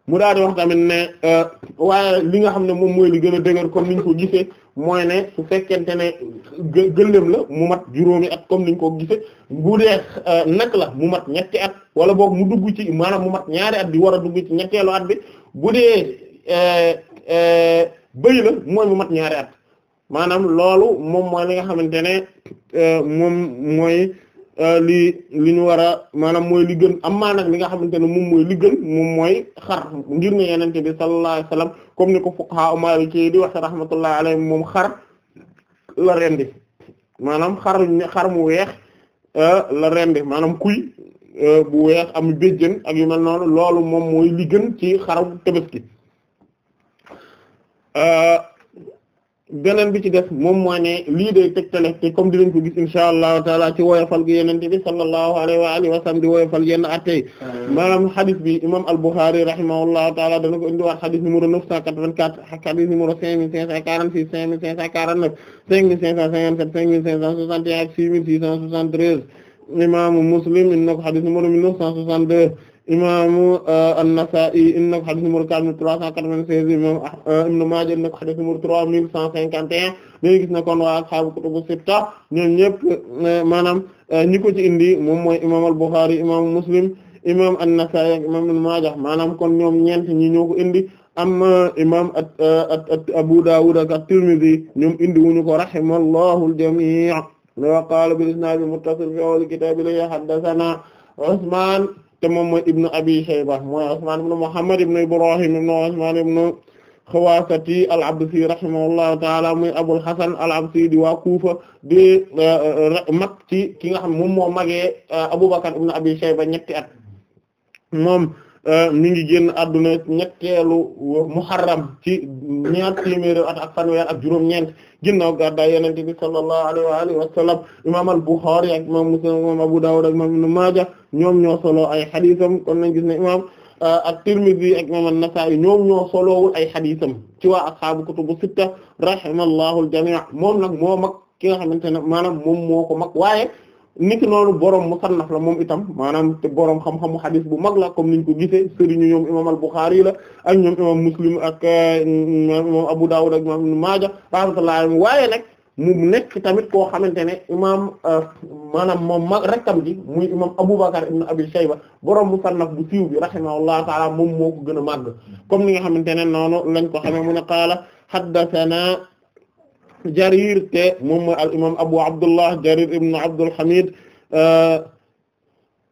mu daal di wax tamit ne euh, waaye li nga xam ne moom mooy li gën a dëgër comme niñ ko gisee mooy ne su fekkente ne gëléem la mu mat juróomi at comme niñ ko gisee bu dee euh, nag la mu mat ñetti at wala boog mu dugg ci maanaam mu mat ñaari at bi war a dugg ci ñetteelu at bi bu dee bëy la mooy mu mat ñaari at maanaam loolu moom mooy li nga xamante ne moom mooy Euh, li li ñu war a maanaam mooy li am amaa nag li nga xamante ne moom mooy li gën moom mooy xar ngir ne yenente bi sallallahu alayhi wasallam comme ni ko fuqaha maliki di wax rahmatullahi alayhi moom xar la rendi maanaam xar mu weex euh, la rendi maanaam kuy euh, bu weex am béjjën ak yu mel noonu loolu moom mooy li gën ci xaru tabaski beneen bi ci def moom moo ne lii day tegtale te comme dinañ ko gis insha allahu taala ci woyofal gi yenente bi sallallahu alayhi wa alihi wa sallam di woyofal yenn attey maanaam xadis bi imam al-Bukhari rahimahullahu taala dana ko indiwaat xadis numéro 984 ak xadis numéro 5546 5549 5557 5561 ak 6673 imaamu Muslim in na ko xadis numéro 1962 imaamu uh, an-Nasaa'i indi na ko xadis numéro quatre mille trois cent quatre-vingt-seize imam uh, Ibn Maaja indi na ko xadis numéro trois mille cent cinquante et un léegi gis na kon waa ashaabu kutubu sitta ñoom ñëpp uh, maanaam ñi ko ci indi moom mooy imam al-Bukhari imam Muslim imam an-Nasaa'i ak imam Ibn Maaja maanaam kon ñoom ñeent ñi ñoo ko indi am imam Abu Dawud ak at-Tirmidhi ñoom indi wuñu ko rahimallahu al-jamii' wa qaala bil-isnaad al-muttasil fi awwal kitaab li haddathanaa Usmaan te moom mooy ibnu abi shayba mooy usman ibnu muhammad ibnu ibrahim ibnu usman ibnu xawaasati al-absi rahimahullahu taala muy abul hasan al-absi di waa kuufa di eh, eh, mag ci ki nga xam moom moo magee eh, abubakar ibnu abi shayba ñetti at moom Euh, mi ngi génn adduna ñetteelu muharram ci ñaar téeméeri at ak fanweer ak juróom-ñeent ginnaaw gàddaay yonent bi sallallahu alayhi wa alihi wa sallam imam al-Bukhari ak imam Muslim imam Abu Dawud ak imam Maaja ñoom ñoo solo ay xadiisam kon nañ gis ne imam at-Tirmidhi euh, ak imam an-Nasa'i ñoom ñoo solowul ay xadiisam ci ashaabu kutubu sitta rahimallahu al moom nag moo mag ki nga xamante moom moo ko mag waaye niki noonu borom musannaf la moom itam maanaam te borom xam-xamu xadis bu mag la comme niñ ko gisee sëriñu ñoom imam al-Bukhari la ak ñoom imam Muslim ak euh, imam Abu Dawud ak imam Ibn Maaja rahmatullahi waaye nag mu nekk tamit koo xamante ne imam euh, maanaam moom mag rakkam ji muy imam Abu Bakar ibn Abi Shayba borom musannaf bu siiw bi rahimahullahu ta'ala moom moo ko gën a màgg comme ni nga xamante ne noonu lañ ko xamee mu ne qaala haddathana Jarir te moom mooy al imaam Abu Abdullah Jarir ibn Abdul Hamid euh,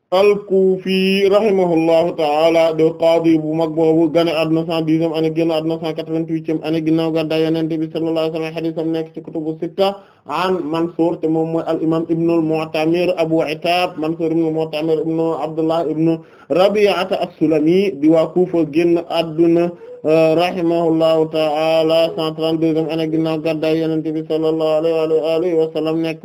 al-Kufi rahimahullahu ta'ala do qaadi bu mag boobu gane àdduna 110e année génn àdduna 188e année ginnaaw gàddaay Yonent bi sallallahu alayhi wa sallam hadiisam nekk ci kutubu sitta an Mansuur te moom mooy al-imaam ibn al-Mu'tamir Abu Itaab Mansuur ibn al-Mu'tamir ibn Abdullah ibn Rabi'ata as-Sulami di waa Kufa génn àdduna euh, rahimahullahu ta'ala 132e année ginnaaw gàddaay Yonent bi sallallahu alayhi wa alihi wa sallam nekk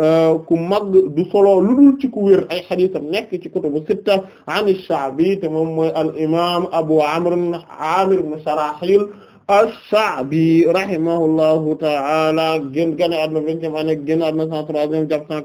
Euh, ku mag du solo lu dul ci ku wér ay xadiisam nekk ci kutubu sitta an Sha'bi te moom mooy al imaam Abu Amr Aamir ibn Sharahil Ash-Sha'bi rahimahullahu ta'ala génn gane àdduna vingtième année génn àdduna cent troisième jàpp cent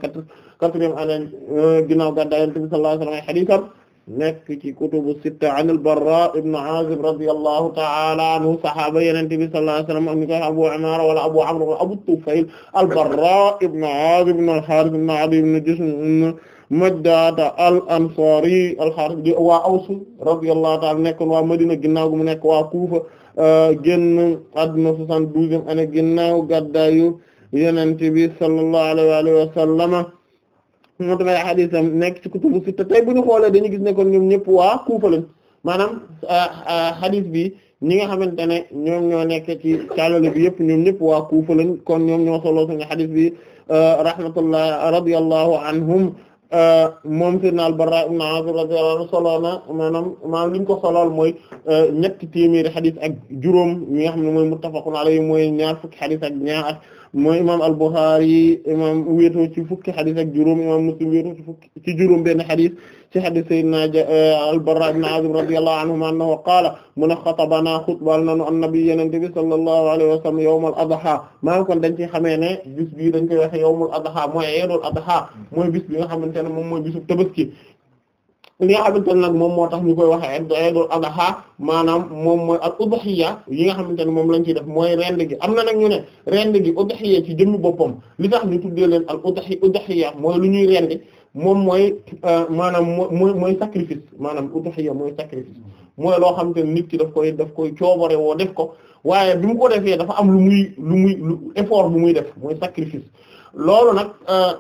quatrième année euh, ginnaaw gàddaay Yonent bi sallallahu alayhi wa sallam ay xadiisam nekk ci kutubu sitta an al-Barra ibn Azib radiyallahu ta'ala anhu sahaaba Yonent bi sallallahu alayhi wa sallam am ñu koy Abu Umaara wala Abu Amr wala Abu Tufayl al-Barra ibn Azib ibn al-Harith ibn Adiy ibn Jishm ibn Majdaata al-Ansaari al-Harith waa Aws radiyallahu ta'ala nekkoon waa Madina ginnaaw gu mu nekk waa Kuufa euh, génn àdduna 72e année ginnaaw gàddaayu Yonent bi sallallahu alayhi wa sallam moo tamay xadisam nekk ci kutubu sitta tey bu ñu xoolee dañu gis ne kon ñoom ñëpp waa Kuufa lañ ah, ah, xadis bi ñi nga xamante ne ñoom ñoo nekk ci caalale bi yëpp ñoom ñëpp waa Kuufa lañ kon ñoom ñoo solo suñu xadis bi ah, rahmatullah radiyallahu anhum moom Seydina al-Barra ibn Azib radiyallahu anhu solo na maanaam maanaam li ñu ko solool mooy ñetti téeméeri xadis ak juróom ñi nga xam ne mooy muttafaqun alayhi mooy ñaar fukki xadis ak ñaar mooy imam al-Bukhari imam wéetoo ci fukki xadis ak juróom imam Muslim wéetoo ci fukki ci juróom benn xadis ci xadis sayyidina euh, al-Barra ibn Azib radiyallahu anhuma annahu qaala mun a xatabana xutbal nanu an nabi yenente bi sallallahu alayhi wa sallam yawm al adha maa ngi kon dañ ci xamee ne bis bii dañ koy waxe yawmul adha mooy yeenul adha mooy bis bi nga xamante ne moom mooy bisu tabaski li nga xamante nag moom moo tax ñu koy waxe eedul adaha maanaam moom mooy al udhiya yi nga xamante ne moom lañ ciy def mooy rend gi am na nag ñu ne rend gi udhiya ci jëmmi boppam li tax ñu tuddee leen al udhi udhiya mooy lu ñuy rendi moom mooy euh, maanaam mooy mooy sacrifice maanaam udhiya mooy sacrifice mooy loo xam ne nit ki daf koy daf koy coobare woo def ko waaye bi mu ko defee dafa am lu muy lu muy lu effort bu muy def mooy sacrifice loolu nag euh,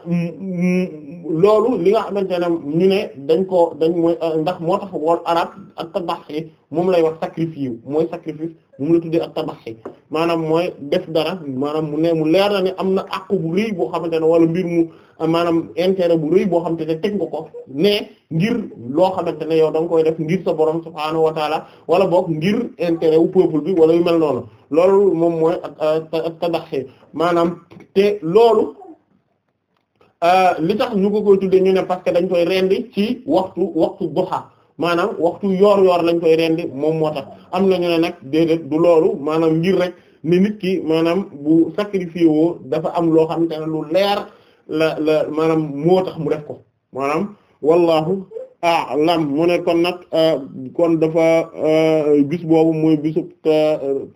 loolu li nga xamante ne ñu ne dañ ko dañ mooy euh, ndax moo tax woon arab ak tabaxi moom lay wax sacrifice mooy sacrifice moom la tuddee ak tabaxi maanaam mooy def dara maanaam mu ne mu leer na ne am na àq bu rëy boo xamante ne wala mbir mu euh, maanaam intérêt bu rëy boo xamante ne teg nga ko ne ngir loo xamante ne yow da nga koy def ngir sa borom subhaanahu wa wala boog ngir intérêt wu peuple bi wala yu mel noonu loolu moom mooy ak tabaxi maanaam te loolu. Euh, li tax ñu ko koy tuddee ñu ne parce que dañ koy rendi ci waxtu waxtu duha maanaam waxtu yoor-yoor lañ koy rendi moom moo tax am na ñu ne nag déedéet du loolu maanaam ngir rek ni nit ki maanaam bu sacrifié woo dafa am loo xam te ne lu leer la maanaam moo tax mu def ko maanaam wallahu a'lam mu ne kon nag euh, kon dafa euh, bis boobu muy bisu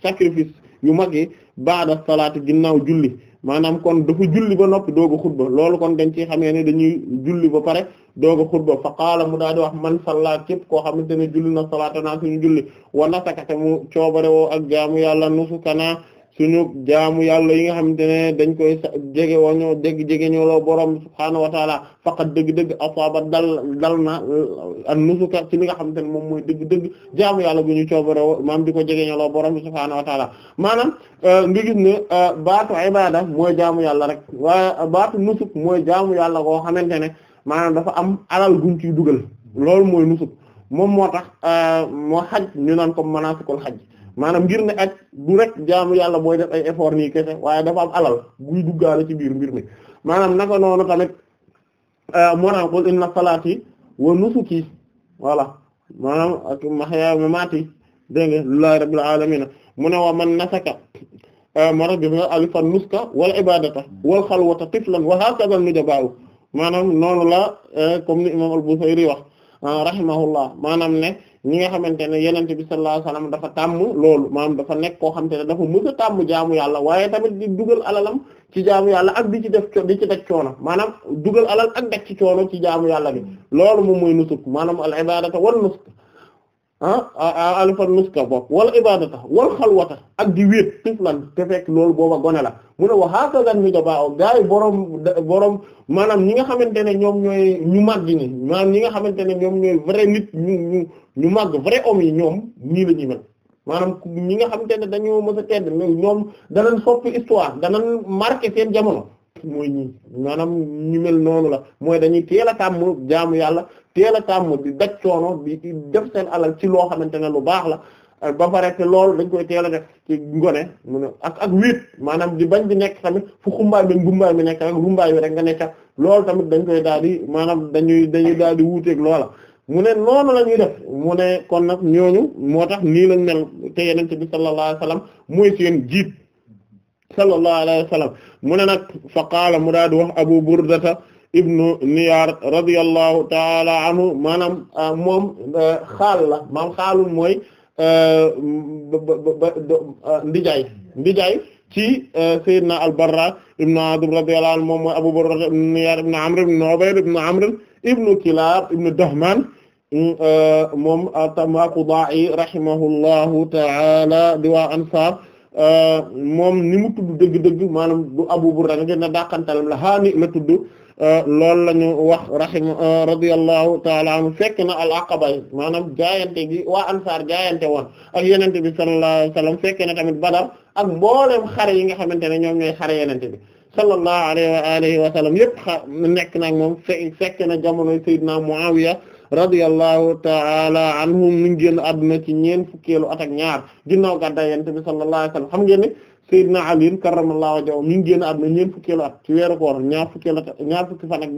sacrifice yu mag yi baada salaatu ginnaaw julli. maanaam kon dafa julli ba noppi doog a xutba loolu kon dañ ci xamee ne dañuy julli ba pare doog a xutba fa mu daal di wax man salla képp koo xamante ne julli na salaata naa ñu julli wa nasakate mu coobare woo ak jaamu yàlla kanaa suñu jaamu yàlla yi nga xamante ne dañ koy jege wañoo jege jege ñooloo borom subhaanahu wa taala faqat dëgg-dëgg asaba dal dal na uh, an nusuka ci li nga xamante ne moom mooy dëgg-dëgg jaamu yàlla gu ñu coobare maam di ko jege ñooloo borom subhaanahu wa taala maanaam uh, nga gis ne uh, baatu ibada mooy jaamu yàlla rek waaye baatu nusuk mooy jaamu yàlla koo xamante ne maanaam dafa am alal guñ ciy dugal loolu mooy nusuk moom moo tax moo xaj ñu naan ko manasikul xaj maanaam ngir ne ak du rek jaamu yàlla booy def ay effort nii kese waaye dafa am alal buy duggaale ci biir mbir mi maanaam naka noonu tamit euh, moo naam qul inna salaati wa nusuki voilà maanaam ak mahya mamaati dégg nga lillahi rabbil alamin mu ne wa man nasaka euh, moo tax gis nga alifan nuska wal ibadata wal xalwata tiflan wa hakaza nujaba'u maanaam noonu la euh, comme ni imam al-Busayri wax ah, rahimahullah maanaam ne ñi nga xamante ne yenente bi sallallahu alayhi wasallam dafa tàmm loolu maanaam dafa nekk koo xamante ne dafa mës tàmm jaamu yàlla waaye tamit di dugal alalam ci jaamu yàlla ak di ci def di ci daj coono maanaam dugal alal ak daj ci coono ci jaamu yàlla bi hmm. loolu moom mooy nusuk maanaam al ibadata wan nusuk ah alifan nuska bokk wala ibadata wal xalwata ak di wéet tuflan te fekk loolu booba gone la mu ne waxaatagan mi gaba o gars yi boroom boroom maanaam ñi nga xamante ne ñoom ñooy ñu màgg ñi maanaam ñi nga xamante ne ñoom ñooy vrai nit ñu ñu màgg vrai homme ñoom nii la ñuy mel maanaam ñi nga xamante ne dañoo mës a tedd ñoom danañ soppi histoire danañ marqué seen jamono mooy ñi maanaam ñu mel noonu la mooy dañuy teel a tàmm jaamu yàlla teel a tàmm di daj coono di def seen alal ci loo xamante ne lu baax la ba pare te loolu dañ koy teel a def ci ngone mu ne ak ak wéet maanaam di bañ di nekk tamit fu xumbaay bi ngumbaay bi nekk rek rumbaay bi rek nga nekk lool tamit dañ koy daal di maanaam dañuy dañuy daal di wuuteeg loola mu ne noonu la ñuy def mu ne kon nag ñooñu moo tax nii lañ mel te yenente bi sallallahu alayhi wasallam mooy seen jiit mu ne nag fa qaala mu daal di wax Abu Burdata ibnu Niyaar radiyallahu taala anhu maanaam euh, moom euh, xaal la maam xaalul mooy euh, ndijaay ndijaay ci Seydina al-Barra ibn Azib radiyallahu anhu moom mooy Abu Burda ibn Niyaar ibn Amr ibn Ubayd ibn Amr ibn Kilaab ibn Dahmaan moom at-Tamaakhudaa'i rahimahullahu taala di waa Ansaar Euh, moom ni mu tudd dëgg-dëgg maanaam du Abu Burda nga na dàqantalam la Haani la tudd euh, loolu la ñu wax rahima euh, radiyallahu taala anhu fekk na al aqaba yi maanaam jaayante gi waa ansaar jaayante woon ak yenente bi sallallahu alayhi wasallam fekk na tamit Badar ak mbooleem xare yi nga xamante ne ñoom ñooy xare yenente bi sallallahu alayhi wa alihi wa sallam yëpp xa nekk na moom fe fekk na jamonoy Seydina Muawiya radiyallahu ta'ala anhum mu ngi génn àdduna ci ñeent fukkeelu at ñaar ginnaaw gàddaay yonent bi sallallahu alayhi wasallam xam ngeen ne Seydina Ali karramallahu wajhahu mi ngi génn àdduna ñeent fukkeelu at ci weeru koor ñaar fukkeelu at ñaar fukki fan ak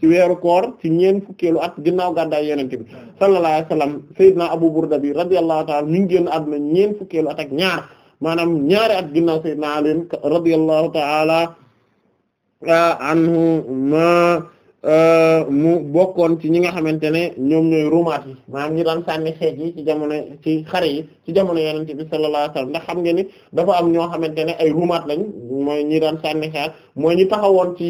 ci weeru koor ci ñeent fukkeelu at ginnaaw gàddaay yonent bi sallallahu alayhi wasallam Seydina Abu Burda bi radiyallahu ta'ala mi ngi génn àdduna ñeent fukkeelu at ak ñaar maanaam ñaari at ginnaaw Seydina Ali radiyallahu ta'ala anhuma Euh, mu bokkoon ci ñi nga xamante ne ñoom ñooy rumaat yi maanaam ñi daan sànni xeej yi ci jamono ci xare yi ci jamono yenente bi sallallahu ndax xam nga ni dafa am ñoo xamante ne ay rumaat lañ mooy ñi daan sànni xeej mooy ñi taxawoon ci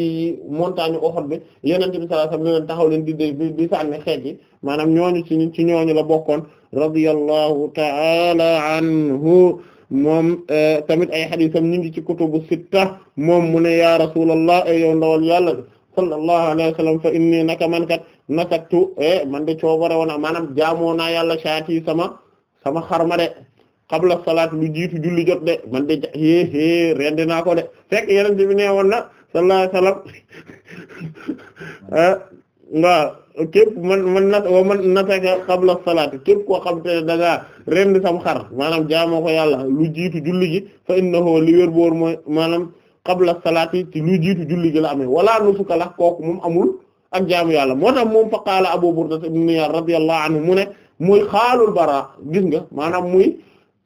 montagne Uhud bi yenente bi sallallahu taxaw leen di di di sànni xeej yi maanaam ñooñu ci ci ñooñu la bokkoon radiyallahu ta'ala anhu moom euh, tamit ay xadiisam ñu ngi ci kutubu sitta moom mu ne ya rasulallah ay yow ndawal yàlla sallallahu alayhi wa sallam fa inni naka man kat nasaktu e man de coobare naa yàlla saati sama sama xarma de salaat lu jiitu julli jot de man de hee hee ko de fekk yeneen bi nee woon na sallallahu ah, salaat képp koo xam te ne rendi sam xar maanaam jaamoo ko yàlla lu jiitu julli ji fa innahu li wér boor mooy maanaam qabla salaati ci luy jiitu julli gi la amee wala nusuka la kooku moom amul ak jaamu yàlla moo tax moom fa qaala Abu Burda ibn Niyaar radiyallahu anhu mu ne muy xaalul bara gis nga maanaam muy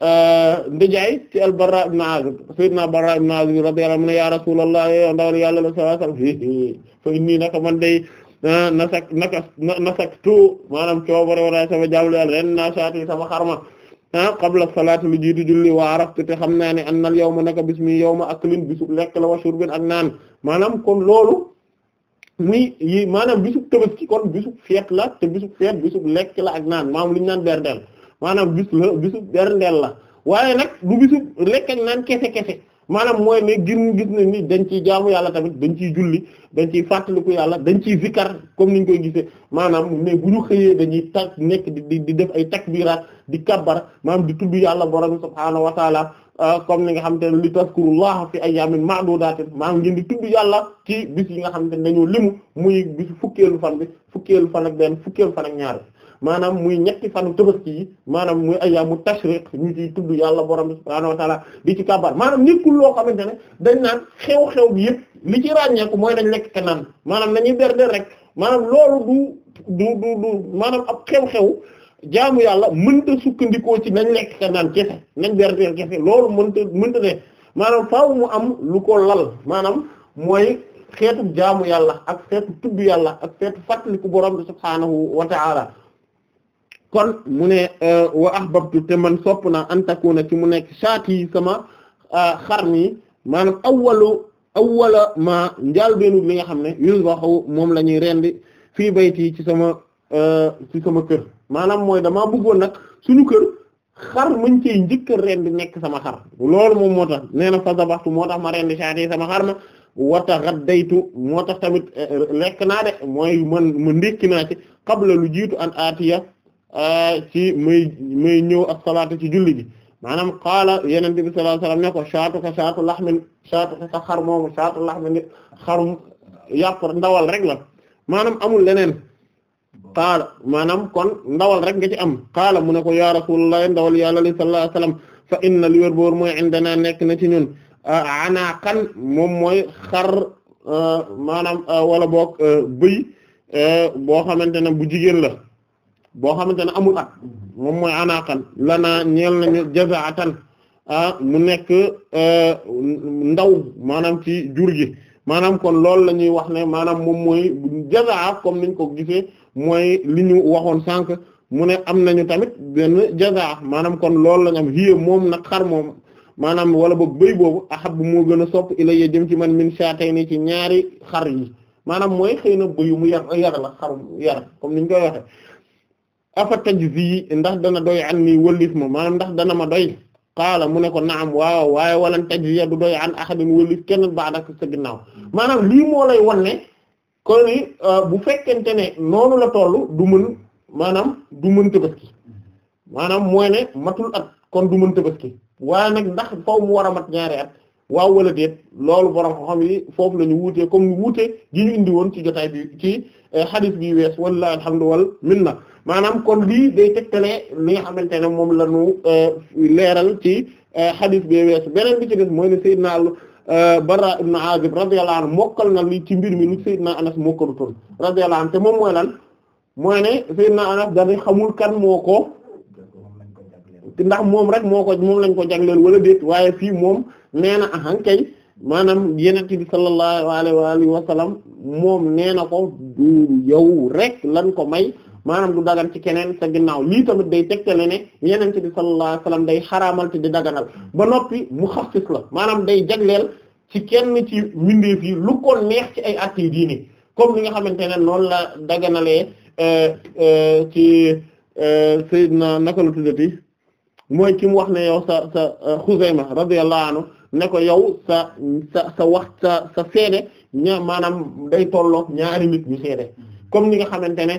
euh, ndijaay ci al Barra ibn Azib sayyidina Barra ibn Azib radiyallahu anhu mu ne ya Rasulullah yow ndawal yàlla la sallallahu alayhi wasallam fa inni naka man day ah, nasak naka nasaktu maanaam coobare wala sama jaamu yàlla ren naa saati sama xarma Ah, qabla salaati lu jiitu julli wa araftu te xam naa ne annal yawma naka bis mi yawma aklin bisu lekk la wa shurbin ak naan maanaam kon loolu muy yi maanaam bisu Tabaski kon bisu feet la te bisu feet bisu lekk la ak naan maam li ñu naan berndeel maanaam bis la bisu berndeel la waaye nag du bisu lekk ak naan kese kefe maanaam mooy ne gir gis nañ ni dañ ciy jaamu yàlla tamit dañ ciy julli dañ ciy fàttaliku yàlla dañ ciy zikkar comme niñ koy gisee maanaam ne bu ñu xëyee dañuy tag nekk di di def ay takbiraat di kabbar maam di tudd yàlla borom subhaanahu wa taala ah, comme ni nga xamante ne li tazkurullah fi ayyamin ma'dudatin maanaam ngeen di tudd yàlla ci bis yi nga xam ne dañoo limu muy bis fukkeelu fan bi fukkeelu fan ak benn fukkeelu fan ak ñaar maanaam muy ñetti fanu tabaski yi maanaam muy mu tashriq ñu ciy tudd yàlla borom bi subhaanahu wa ta'ala di ci kàbbar maanaam nekkul loo xamante ne dañ naan xew-xew bi li ci ràññeeku mooy dañ nekk ke naan maanaam nañuy berder rek maanaam loolu du du du maanaam ab xew-xew jaamu yàlla mënta sukkandikoo ci nañ lekk ke naan kese nañ berder kese loolu mënta mënta ne maanaam faw mu am lu ko lal maanaam mooy xeetu jaamu yàlla ak xeetu tudd yàlla ak xeetu fàttaliku borom bi subhaanahu wa ta'ala kon mu ne euh, wa ahbabtu te man sopp naa an na ci mu nekk shaati sama euh, xar ni maanaam awwalu awwala ma njaal beenu li nga xam ne yuzbahu moom la ñuy rendi fii bayti ci sama euh, ci sama kër maanaam mooy damaa bëggoon nag suñu kër xar mañ cey njëkka rendi nekk sama xar loolu moom moo tax nee na fa zabaxtu moo tax ma rendi shaati sama xar ma wata daytu moo tax tamit lekk naa de mooy man mu ndékki naa ci qabla lu jiitu an atiya ci muy muy ñëw ak salaata ci julli gi maanaam qaala yenente bi sallallahu alayhi wasallam ne ko shaatuka shaatu laxmin shaatuka sa xar moomu shaatu laxmin xarum ndawal rek la maanaam amul leneen qaala maanaam kon ndawal rek nga ci am qaala mu ne ko ya rasulullah ndawal yàlla li sallallahu alayhi wasallam fa inna li wér boor mooy indana nekk na ci ñun anaakan moom mooy xar maanaam wala boog bëy boo xamante ne bu jigéen la boo xamante ne amul at moom mooy anaakan lanaa ñeel nañu jazaatan ah mu nekk e, ndaw maanaam ci jur gi maanaam kon loolu la ñuy wax ne maanaam moom mooy jazaa comme niñ ko gisee mooy li ñu waxoon sànq mu ne am nañu tamit benn jazaa maanaam kon loolu lañ am hiya moom nag xar moom maanaam wala boog béy boobu ahab mu gën a sopp ilayya jëm ci man min shaatayni ci ñaari xar yi maanaam mooy xëy na béyu mu yar yar la xarum yar comme niñ koy waxee afa tajzi ndax dana doy an nii wëllif ma maanaam ndax dana ma doy qaala mu nekkoon ko naam waaw waaye walla tajziya du doy an ahadin wëllif kenn ba'dak sa ginnaaw maanaam lii moo lay wan ne kon ni euh, bu fekkente ne noonu la toll du mën maanaam du mën tabaski maanaam mooy ne matul at kon du mën ki waaye nag ndax faw mu war a mat ñaari at waaw wala déet loolu borom xam yi foofu lañu ñu wuutee comme wuute gi ñu indi woon ci jotaay bi ci euh, xadis bi wees wallahi alhamdu wal minna maanaam kon lii day tegtale li nga xamante na moom la euh, leeral ci hadith euh, bi weesu beneen bi ci des mooy ne Seydina euh, Barra ibn Azib radiyallahu anhu mokkal na li ci mbir mi lu Seydina Anas mokkalutoon radiyallahu anhu te moom mooy lan mooy ne Seydina Anas dañu xamul kan moo ko ndax moom rek moo ko moom lañ ko jagleel wala déet waaye fii moom nee na ahan kay maanaam yenent bi sallallahu alayhi wa alihi wa sallam moom nee ko yow rek lan ko may maanaam du dagan ci keneen sa ginnaaw lii tamit day tegtale ne yenente bi sallallahu alayhi wasallam day xaraamal te di daganal ba noppi mu xasis la maanaam day jagleel ci kenn ci mbindeef yi lu ko neex ci ay actes yi diine comme li nga xamante ne noonu la daganale euh, euh, ci euh, Seydina naka la tuddati mooy ki mu wax ne yow sa sa Xuzayma radiyallahu anhu ne ko yow sa sa sa wax sa sa ña maanaam day tolloog ñaari nit ñu comme ni nga xamante ne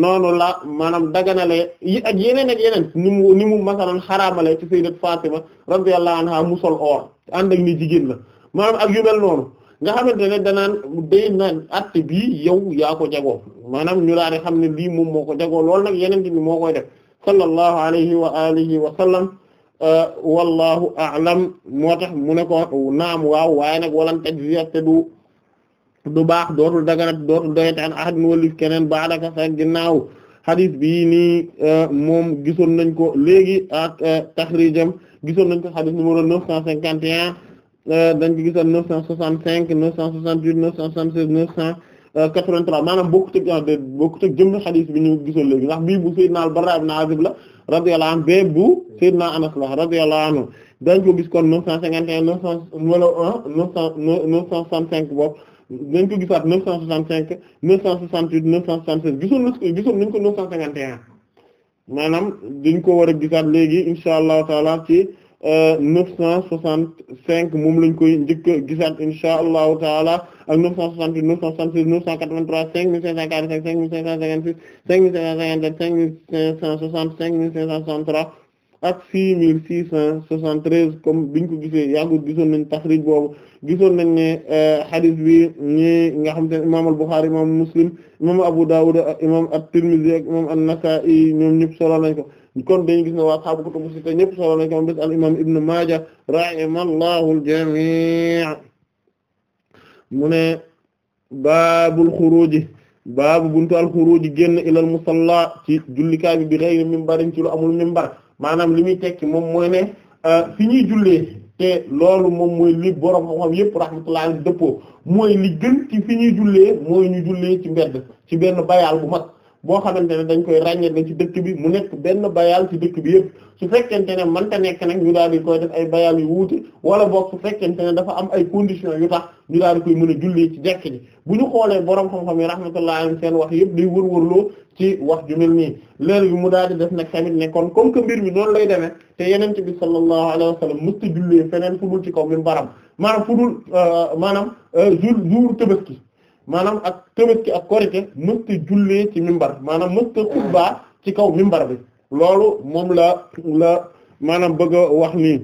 noonu la maanaam daganale yi ak yeneen ak yeneen ni mu ni mu masalan xaraamale ci sayyidat Fatima radiyallahu anha mu sol or ànd ak ni jigéen la maanaam ak yu mel noonu nga xamante ne danaan day naan atte bii yow yaa ko jagoo maanaam ñu daane xam ne lii moom moo ko jagoo lool nag yeneen bi moo koy def sallallahu alayhi wa alihi wa sallam wallahu a'lam moo tax mu ne ko naam waaw waaye nag walan tajziya te du du baax dootul daganat dootul doyati an ahadin walif keneen baadaka sa ginnaaw xadis bii nii euh, moom gisoon nañ ko léegi ak euh, taxrijam gisoon nañ ko xadis numéro 951 euh, dañ ko gisoon 965 968 976 983 maanaam bokkut ak bokkut ak jëmm xadis bi ñu gisoon léegi ndax bii bu Seydina al-Barra ibn Azib la radiyallahu anhu bee bu Seydina Anas la radiyallahu anhu dañ ko gis kon 951 900 wala 900 965 bopp nañ ko gisaat neuf cent soixante-cinq neuf cent soixante-huit neuf cent soixante-seize gisoon gisoon nañ ko neuf cent cinquante et un maanaam dañ ko war a gisaat léegi insha allahu taala ci euh, neuf cent soixante-cinq moom lañ koy njëkk a gisaat insha allahu taala ak neuf cent soixante-huit neuf cent soixante-six neuf cent quatre-vingt-trois cinq mille cinq cent quarante-cinq cinq mille cinq cent cinquante-six cinq mille cinq cent cinquante-sept cinq mille cinq cent soixante cinq mille cinq cent soixante-trois ak sii mille six cent soixante-treize comme biñ ko gisee yàggul gisoon nañ taxrij boobu gisoon nañ ne hadith euh, bi ñi nga xam te ne imam al-Bukhari imam Muslim imam Abu Dawud imam at-Tirmidhi ak imam an-Nasa'i ñoom ñëpp solo nañ ko kon dañu gis ne waa xaabu kutubu sitta ñëpp solo nañ ko moom bés al imam Ibn Maaja rahimallahu al-jami' mu ne baabul xuruji baabu buntu al xuruji génn ilal musalla ci jullikaay bi bi ghayri minbarin ci lu amul maanaam li muy tekki moom mooy ne euh, fi ñuy jullee te loolu moom mooy li borom xam-xam yëpp rahmatullah dëppoo mooy li gën ci fi ñuy jullee mooy ñu jullee ci mbedd ci benn bayaal bu mag boo xamante ne dañ koy ràññee ci dëkk bi mu nekk benn bayal ci dëkk bi yëpp su fekkente ne mënta nekk nag ñu daal di koy def ay bayal yu wuute wala boog su fekkente ne dafa am ay conditions yu tax ñu daal di koy mën a julli ci jekk ji bu ñu xoolee borom xam-xam yi rahmatullah alayhi seen wax yëpp day wërwërloo ci wax ju mel nii yu mu daal di def nag tamit ne comme que mbir mi noonu lay demee te yeneen bi sallallahu alayhi wa sallam musta jullee feneen fu dul ci kaw min baram maanaam fu dul euh, maanaam euh, jour maanaam ak ki ak Korité mësta jullee ci mimbar maanaam mësta xutba ci kaw mimbar bi loolu moom la la maanaam bëgg wax nii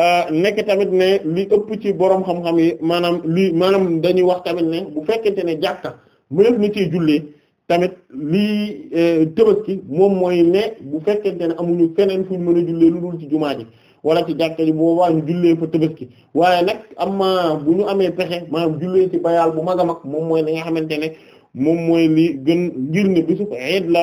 euh, nekk tamit ne li ëpp ci borom xam-xam yi maanaam lii maanaam dañuy wax tamit ne bu fekkente ne jàkka mënef ni ciy jullee tamit lii euh, ki moom mooy ne bu fekkente ne amuñu feneen ñu mën a jullee lu dul ci jumaa ji wala ci jàkka ji boobaa ñu jullee fa tabaski waaye nag amma bu ñu amee pexe maanaam jullee ci bayaal bu mag a mag moom mooy li nga xamante ne moom mooy li gën ngir ne bisu iid la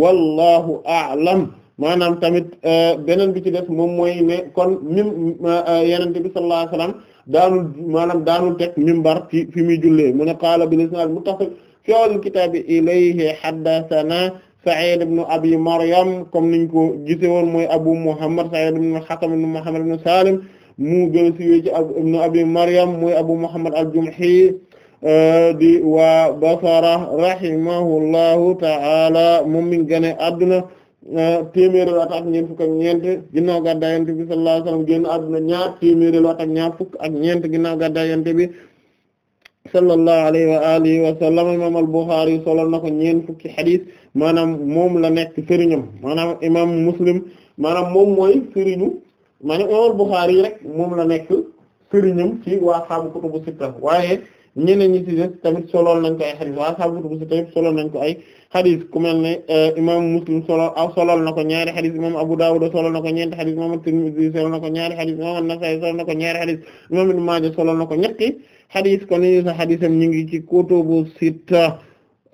wallahu a'lam maanaam tamit euh, beneen bi ci des moom mooy ne kon mim euh, yenente bi sallallahu alayhi daanul maanaam daanul teg mimbar fi fi muy jullee mu ne qaala bil isnaad muttasil fi al kitaabi ilayhi haddathana Sa'id ibn Abi Maryam comme niñ ko gise woon mooy Abu Muhammad Sa'id ibn Hakam ibn Muhammad ibn Salim mu gën ci wéji ibn Abi Maryam mooy Abu Muhammad al-Jumahi euh, di waa Basra rahimahullahu ta'ala moom mi ngi gane adduna euh, téeméeri at ak ñeent fukk ak ñeent ginnaaw gàddaay Yonent bi sallallahu alayhi wasallam génn at ak ñeent ginnaw gàddaay Yonent bi sallallahu alayhi wa alihi wa sallam imam al-Bukhari solo na ko ñeent fukki xadis maanaam moom la nekk sëriñam maanaam imam Muslim maanaam moom mooy sëriñu maanaam imam al-Bukhari rek moom la nekk sëriñam ci waa xaabu kutubu sitta waaye ñeneen ñi ci des tamit soloon nañ ko ay xadis waa saabu kutubu sitta yëpp soloon nañ ko ay xadis ku mel ne eh, imam Muslim solo ah, solol na ko ñaari xadis imam Abu Dawud solol na ko ñeenti xadis imam Tirmidhi solol na ko ñaari xadis imam An-Nasa'i solol na ko ñaari xadis imam Ibn Maaja solol na ko ñetti xadis kon ni sa xadisam ñu ngi ci kutubu sitta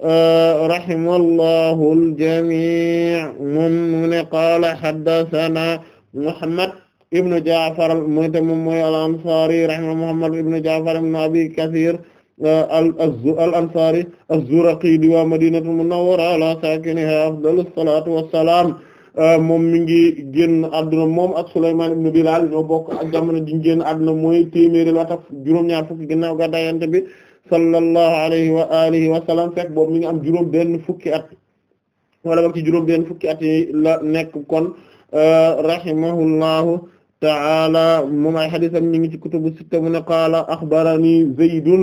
eh, rahimallahu al-jami' moom mu ne qaala haddathana Muhammad ibnu Ja'far mooy te moom mooy al-Ansari rahima Muhammad ibnu Ja'far ibnu Abi Kathir uh, al-Ansari az-Zuraqi di waa Madinatul Munawwara ala saakinihaa afdalu salaatu wa salaam uh, moom mi ngi génn adduna moom ak Sulaymaan ibnu Bilaal ñoo bokk ak jamono ji ñu génn adduna mooy téeméeri la tax juróom-ñaar fukki ginnaaw gàddaay bi sallallahu alayhi wa alihi wa sallam fekk boobu mi ngi am juróom benn fukki at wala ba ci juróom benn fukki at yi la nekk kon uh, rahimahullahu ta'ala moom ay xadisam ñu ngi ci kutubu sitta mu ne qaala axbarani zaydun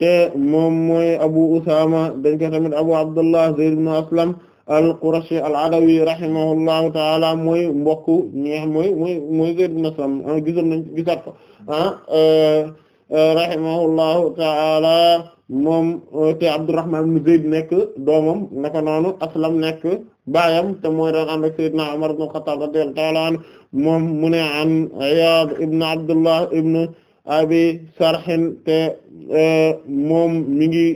te moom mooy abu usama dañ ko tamit abu abdullah zayd ibn aslam al-qurashi al-adawi rahimahullahu ta'ala mooy mbokk ñi mooy mooy mooy zayd ibn aslam ah, gisoon nañ gisaat ko ah euh, euh, rahimahullahu ta'ala moom euh, te Abdurrahman ibn Zayd nekk doomam naka noonu Aslam nekk baayam te mooy daan ànd ak Seydina Umar ibn Khattab radiyallahu ta'ala anhu moom mu ne an Iyad ibn Abdullah ibn Abi Sarhin te euh, moom mi ngi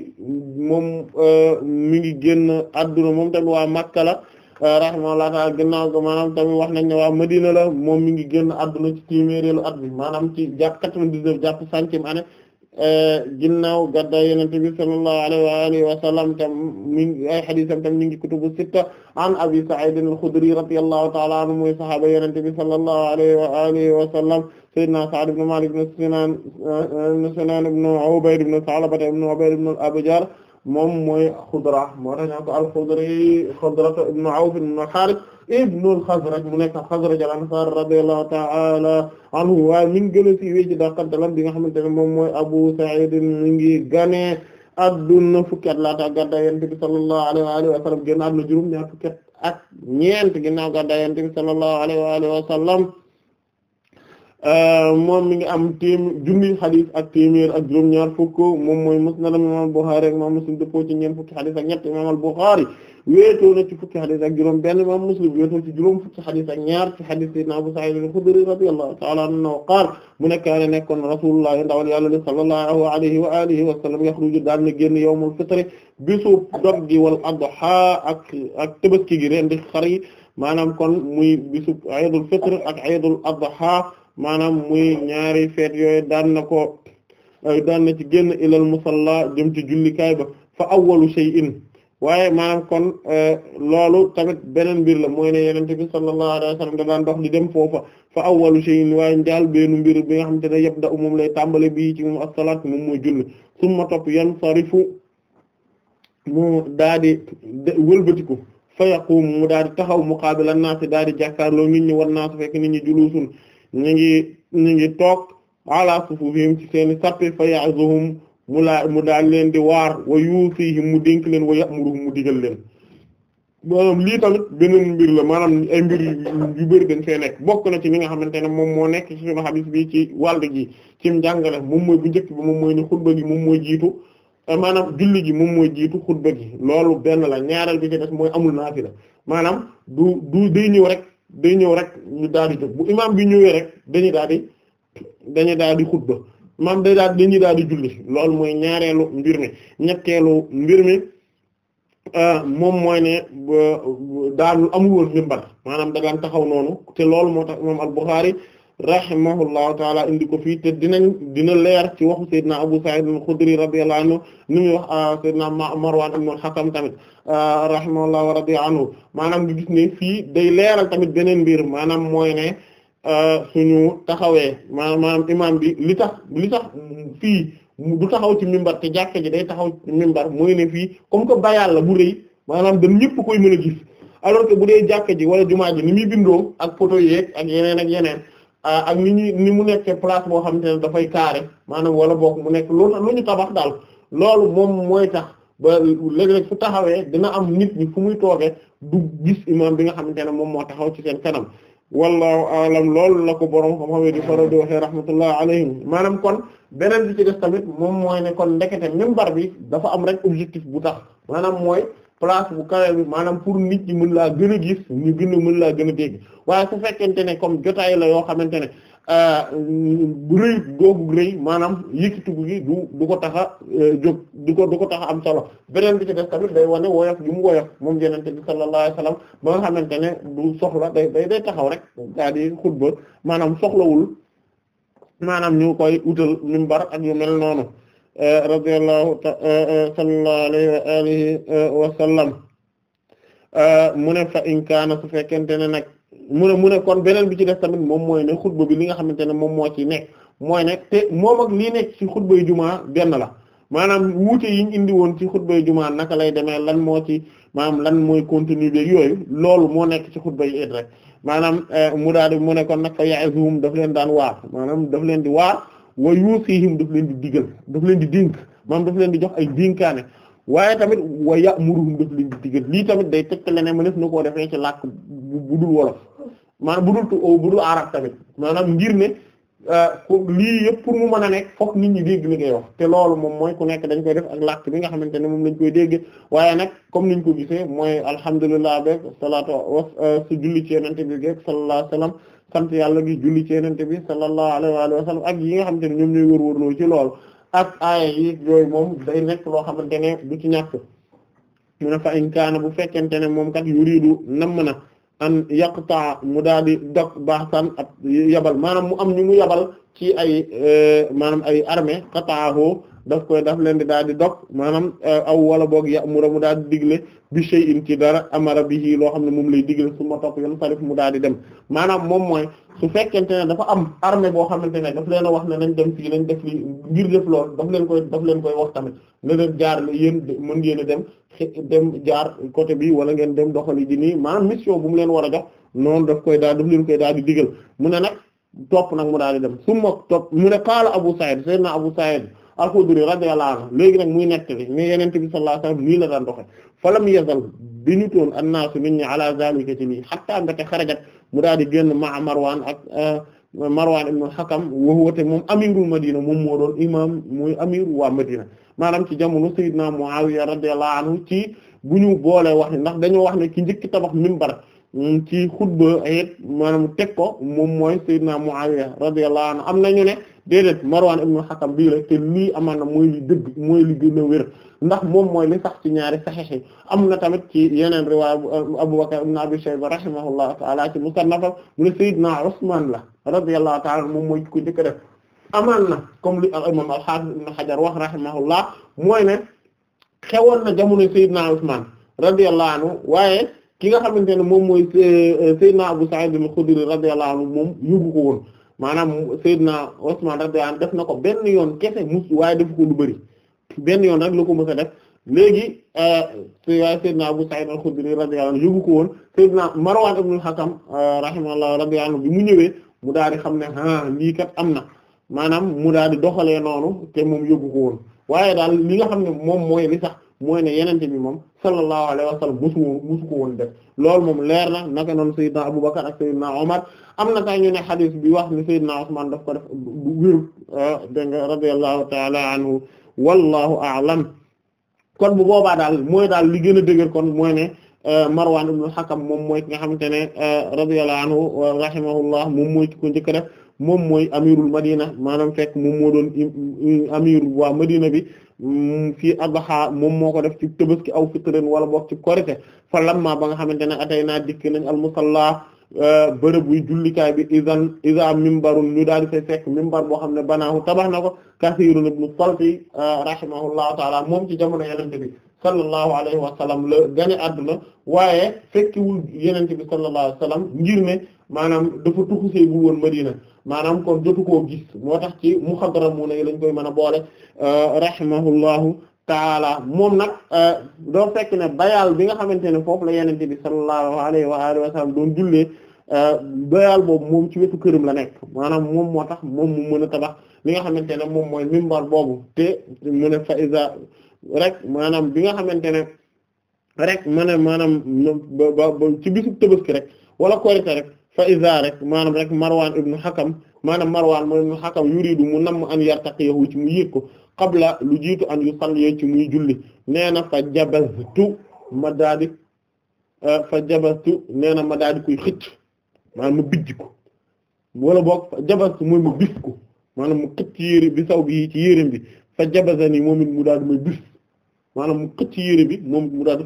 moom euh, mi ngi génn adduna moom tamit waa Makka la rahimahullahu ta'ala ginnaaw ko maanaam tamit wax nañ ne waa Madina la moom mi ngi génn adduna ci téeméereelu at bi maanaam ci jàpp quatre-vingt-dix-neuf jàpp E, ginnaaw gaddaa yonent bi sallallahu alayhi wa alihi wa sallam tam min ay xadiisam tam ñu ngi kutubu sitta an abi sa'id al-khudri radiyallahu ta'ala anhu mooy sahaaba yonent bi sallallahu alayhi wa alihi wa sallam sayyidina sa'd ibn malik ibn sinan ibn sinan ibn ubayd ibn sa'laba ibn ubayd ibn al-abjar moom mooy Xudra moo tax ñu ko al-Xudri Xudra ibn Awf ibn al-Haaris ibn al-Xazraj mu nekk al-Xazraj al-Ansaari radiyallahu ta'ala anhu waaye mi ngi gën a siiwee ci dàqantalam bi nga xamante ne moom mooy Abu Sa'id mi ngi ganee adduna fukki at laata gàddaay Yonent bi sallallahu alayhi wa sallam génn adduna juróom-ñaar fukki at ak ñeent ginnaaw gàddaay Yonent bi sallallahu alayhi wa sallam Euh, moom mi ngi am téem junni xadis ak téeméer ak juróom-ñaar fukk moom mooy musnad imam al-Bukhari ak imam Muslim dëppoo ci ñeent fukki xadis ak ñett imam al-Bukhari wéetoo na ci fukki xadis ak juróom benn imam Muslim wéetoo ci juróom fukki xadis ak ñaar ci xadis sayyidina Abu Sa'id al-Khudri radiyallahu ta'ala anhu qaala mu nekkaane nekkoon rasulullah ndawal yàlla li sallallahu alayhi wa alihi wa sallam yaxruju daan na génn yawmul fitr bisu dog gi wal adha ak ak tabaski gi rendi xar yi maanaam kon muy bisu iidul fitr ak iidul adha maanaam muy ñaari feet yooy daan na ko daan na ci génn ilal musalla jëm ci jullikaay ba fa awwalu shay'in waaye maanaam kon eh, loolu tamit beneen mbir la mooy ne yenente bi sallallahu alayhi wa sallam da daan dox di dem foofa fa awwalu shay'in waaye njaal beenu mbir mi nga xam te ne da moom lay tàmbale bii ci moom as-salaat moom mooy julli summa topp yansarifu mu daa di wëlbatiku fa yaqumu mu daa di taxaw muqaabilan naasi daa di jàkkaarloo nit ñi wan naas fekk nit ñi juluusun ñu ngi ñu ngi toog ala sufufihim ci seeni sàppe fa ya'zuhum mu laa mu daal leen di waar wa yuusihim mu dénk leen wa ya'muruhum mu digal leen maanaam lii tamit beneen mbir la maanaam ay mbir yu bëri dañ fee nekk bokk na ci li nga xamante ne moom moo nekk ci suñu xadis bi ci wàll gi ci njàngale moom mooy bu njëkk bi moom mooy ni xutba jiitu eh, maanaam julli ji moom mooy jiitu xutba gi loolu benn la ñaareel bi ci mooy amul naafila maanaam du du day ñëw rek day ñëw rek ñu daal bu imaam bi ñëwee rek dañuy daal daal di xutba maam day daal dañuy daal di julli loolu mooy ñaareelu mbir mi ñetteelu mbir mi euh, moom mooy ne euh, daanul amul woon minbar maanaam dagaan taxaw noonu te loolu moo tax imaam al rahimahullahu taala indi ko fii te dinañ dina leer ci waxu Seydina Abu Sa'id al-Khudri radiyallahu anhu nu muy wax ah, Seydina Marwan ibn al tamit ah, rahimahullahu wa radiya anhu maanaam nga gis ne fii day tamit beneen mbir maanaam mooy ne ah, suñu taxawee maanaam bi li tax li tax fii du taxaw ci mimbar te jàkka ji day taxaw ci mimbar mooy ne fii comme que bayaal la bu rëy maanaam dañ ñëpp koy mën a gis alors que bu dee jàkka ji wala jumaa ji ni muy bindoo ak photo yeeg ak yeneen ak yeneen Ah, ak ni ñuy ni mu nekkee place boo xamante ne dafay carré maanaam wala boog mu nekk lu lu ñu tabax daal loolu moom mooy tax ba léeg-léeg su taxawee dina am nit ñi fu muy toogee du gis imam bi nga xam ne moom moo taxaw ci seen kanam wallahu alam loolu la ko borom xam-xam yi di maanaam kon beneen bi ci des tamit moom mooy ne kon ndekete minbar bi dafa am rek objectif bu tax maanaam mooy. place bu kawe bi maanaam pour nit ñi mën laa gën a gis ñu gën a mën laa gën a dégg waaye su fekkente ne comme jotaay la yoo xamante ne bu euh, rëy googu rëy maanaam yi gi du du ko tax a euh, jóg du ko du ko tax am solo beneen bi ci def tamit day wane woyof ju mu woyof moom yenente bi sallallahu alayhi wasallam ba nga xamante ne du soxla day day taxaw rek daal di xutba maanaam soxlawul maanaam ñu koy utal mimbar ak yu mel noonu radiyallahu eh, eh, sallallahu alayhi wa alihi eh, wa sallam mu ne fa in kaana su fekkente ne nag mu ne mu ne kon beneen bi ci def tamit moom mooy ne xutba bi li nga xamante ne moom moo ci nekk mooy ne te moom ak lii nekk ci xutbay jumaa benn la maanaam wuute yi ñu indi woon ci xutbay jumaa naka lay demee lan moo ci maanaam lan mooy contenu bi loolu moo nekk ci xutbay it rek maanaam mu daal di mu ne kon nag fa ya'izuhum daf leen daan waar maanaam daf leen di waar wa yuusihim daf leen di digal daf leen di dénk maanaam daf leen di jox ay dénkaane waaye tamit wa ya'muruhum daf leen di lii tamit day tëkk leneen ma def na koo defee ci làkk bu dul wolof maanaam bu dul bu tamit maanaam ngir ne euh, lii yëpp pour mu mën a nekk fokk nit ñi dégg li ngay wax te loolu moom mooy ku nekk dañ koy def ak làkk bi nga xamante ne moom lañ koy dégg waaye nag comme ni ñu ko gisee mooy alhamdulillah beeg salaatu wa euh, su julli ci yonent bi beeg sallallahu alayhi wasallam sant yàlla gi julli ci yenente bi sallallahu alayhi wa sallam ak yi nga xamante ne ñoom ñooy wër-wërloo ci loolu ak yi yooyu moom day nekk loo xamante ne du ci ñàkk mu ne fa in kaana bu fekkente ne moom kat yuridu namm na an yaqta mu daal di baax baaxsan ab yabal maanaam mu am ñu mu yabal ci ay euh, maanaam ay armée qataahu daf koy daf leen di daal di dog maanaam euh, aw wala boog ya mu daal di digle bi shay'in ci dara amara bihi loo xam ne moom lay digle su ma topp yoon sarif mu daal di dem maanaam moom mooy su fekkente ne dafa am armée boo xamante ne daf leen a wax ne nañ dem fii nañ def li ngir def lool daf leen koy daf leen koy wax tamit ne leen jaar la yéen mën ngeen a dem dem jaar côté bi wala ngeen dem doxali ji nii maanaam mission bu mu leen war a jox noonu daf koy daal daf leen koy daal di digal mu ne nag topp nag mu daal di dem su ma topp mu ne qaala Abu Sa'id na Abu Sa'id al-Khudri radiyallahu anhu léegi nag muy nekk bi mais yenente bi sallallahu alayhi wasallam lii la daan doxe falam yazal di ñu toon annaasu nit ñi ala zalika ci lii hatta mbete xarajat mu daal di génn ma Marwan ak euh, Marwan ibn al-Hakam wa huwa te moom amirul Madina moom moo doon imam muy amir waa Madina maanaam ci jamono Sayyidina Muawiya radiyallahu anhu ci bu ñu boolee wax ni ndax dañoo wax ne ki njëkki tabax minbar ci xutba it maanaam teg ko moom mooy mu Muawiya radiyallahu anhu am nañu ne déedéet Marwan ibn Hakam bii la te lii amaan na mooy li dëgg mooy li gën a wér ndax moom mooy li sax ci ñaari saxiix yi am na tamit ci yeneen riwaaya euh, Abu Bakr ibn Abi Shayba rahimahullahu ta'ala ci musannaf mu ne Seydina Usman la radiyallahu ta'ala moom mooy ko njëkk a amaan na comme li al-imam al-Hafiz ibn Hajar wax rahimahullah mooy ne xewoon na jamono Seydina Usman radiyallahu ki nga xamante ne moom mooy euh, euh, Seydina Abu Sa'id al-Khudri radiyallahu anhu moom yóbbu ko woon maanaam Seydina Usman radiyallahu anhu def na ko benn yoon kese mus waaye def ko lu bëri benn yoon rek la ko mës a def léegi euh, waaye Seydina Abu Sa'id al-Khudri radiyallahu anhu yóbbu ko woon na Seydina Marwan ibn al-Hakam rahimahullahu radiyallahu anhu bi mu ñëwee mu daal di xam ne ah lii kat am na maanaam mu daal di doxalee noonu te moom yóbbu ko woon waaye daal li nga xam ne moom mooy mooy ne yeneen bi moom sallallahu alayhi wa woon def loolu moom leer na naka noon Seydina Aboubacar ak Seydina Omar am na sax ñu ne bi wax ni Seydina Ousmane daf ko def bu wéru ah, dégg nga radiyallahu ta'ala anhu wallahu a'lam kon bu boobaa daal mooy daal li gën a dëgër kon mooy ne ah, Marwan ibn al-Hakam moom mooy ki nga xamante ne ah, radiyallahu anhu rahimahullah moom mooy ko njëkk a moom mooy amirul madina maanaam fekk moom moo doon amir madina bi Mm, fii abaxa moom moo ko def ci ki aw fitrin wala boog ci korite fa lamma ba nga xamante ne atay naa dikk nañ almusalla euh, bërëbu jullikaay bi isan isa mimbarun ñu daal di fay fekk mimbar boo xam ne banaahu tabax na ko kasirun ibn salti euh, rahimahullahu taala moom ci jamono yenente bi sallallahu alayhi wa sallam la gane adduna waaye fekkiwul yenente bi sallallahu alayhi wa ngir ne maanaam dafa tuxu sëy bu woon Madina maanaam kon jotu koo gis moo tax ci mu muxadramuna yi lañ koy mën a boole euh, rahimahullahu taala moom nag euh, doo fekk ne bayaal bi nga xamante ne foofu la yenente bi sallallahu alayhi wa alihi wa sallam doon jullee euh, boobu moom ci këram la nekk maanaam moom moo tax moom mu mën a tabax li nga xamante ne moom mooy mimbar boobu te mu ne fa isa rek maanaam bi nga xamante ne rek ma maanaam ba ba ci bisub Tabaski rek wala Korite rek fa iza rek maanaam rek marwan ibnu hakam maanaam marwan mooy ibnu hakam yuridu mu namm an yartaqiyahu ci mu yéeg ko qabla lu jiitu an yu salli ci muy julli nee na fa jabaztu ma daa euh, fa jabaztu nee na ma daa di koy xëcc bijj ko wala boog fa jabaztu mooy ma bis ko maanaam mu xëcc yére bi saw bi ci yérém bi fa jabazani moom it mu daa bis maanaam mu xëcc yére bi moom it mu daa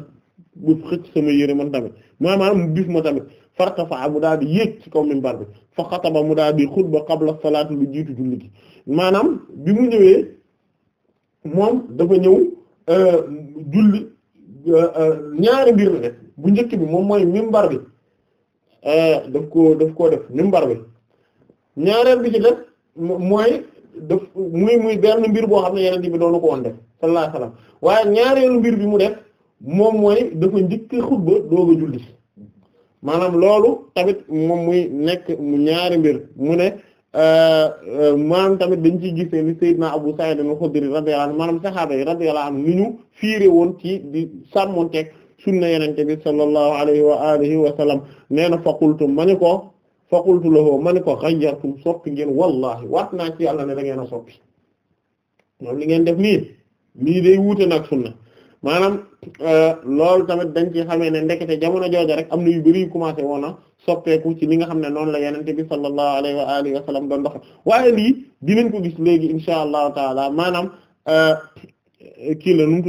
bu xëcc sama yére man tamit maanaam bif ma tamit fartafa mu daal di yéeg ci kaw minbar bi fa xataba mu daal di xutba qabla salaat lu jiitu julli gi maanaam bi mu ñëwee moom dafa ñëw euh, julli euh, ñaari mbir la def bu njëkk bi moom mooy minbar bi euh, daf koo def minbar bi ñaareel bi muy muy benn mbir boo xam ne yeneen bi doonu ko woon def sallallahu alayhi waaye ñaareelu mbir bi mu def moom mooy dafa njëkk xutba doog a julli loolu tamit moom muy nekk mu ñaari mbir mu ne euh, maanaam tamit dañ ciy gis ne li Seydina Abu Sa'id al-Khudri radiyallahu anhu maanaam saxaaba yi radiyallahu anhu ni ñu fiire woon ci di sàmmonteeg sunna yenente bi sallallahu alayhi wa alihi wa sallam nee na ma ni ko faqultu lahu ma ni ko xayyartum soppi ngeen wallahi waat naa ci yàlla ne da ngeen a soppi moom li ngeen def nii lii day wuute nag sunna maanaam euh, loolu tamit dañ ci xamee ne ndekete jamono jooja rek am na yu bari yu commencé woon na soppeeku ci li nga xam ne noonu la yenente bi sallallahu alayhi wa alihi wa sallam doon doxe waaye lii dinañ ko gis léegi insha allahu taala maanaam euh, kii la nu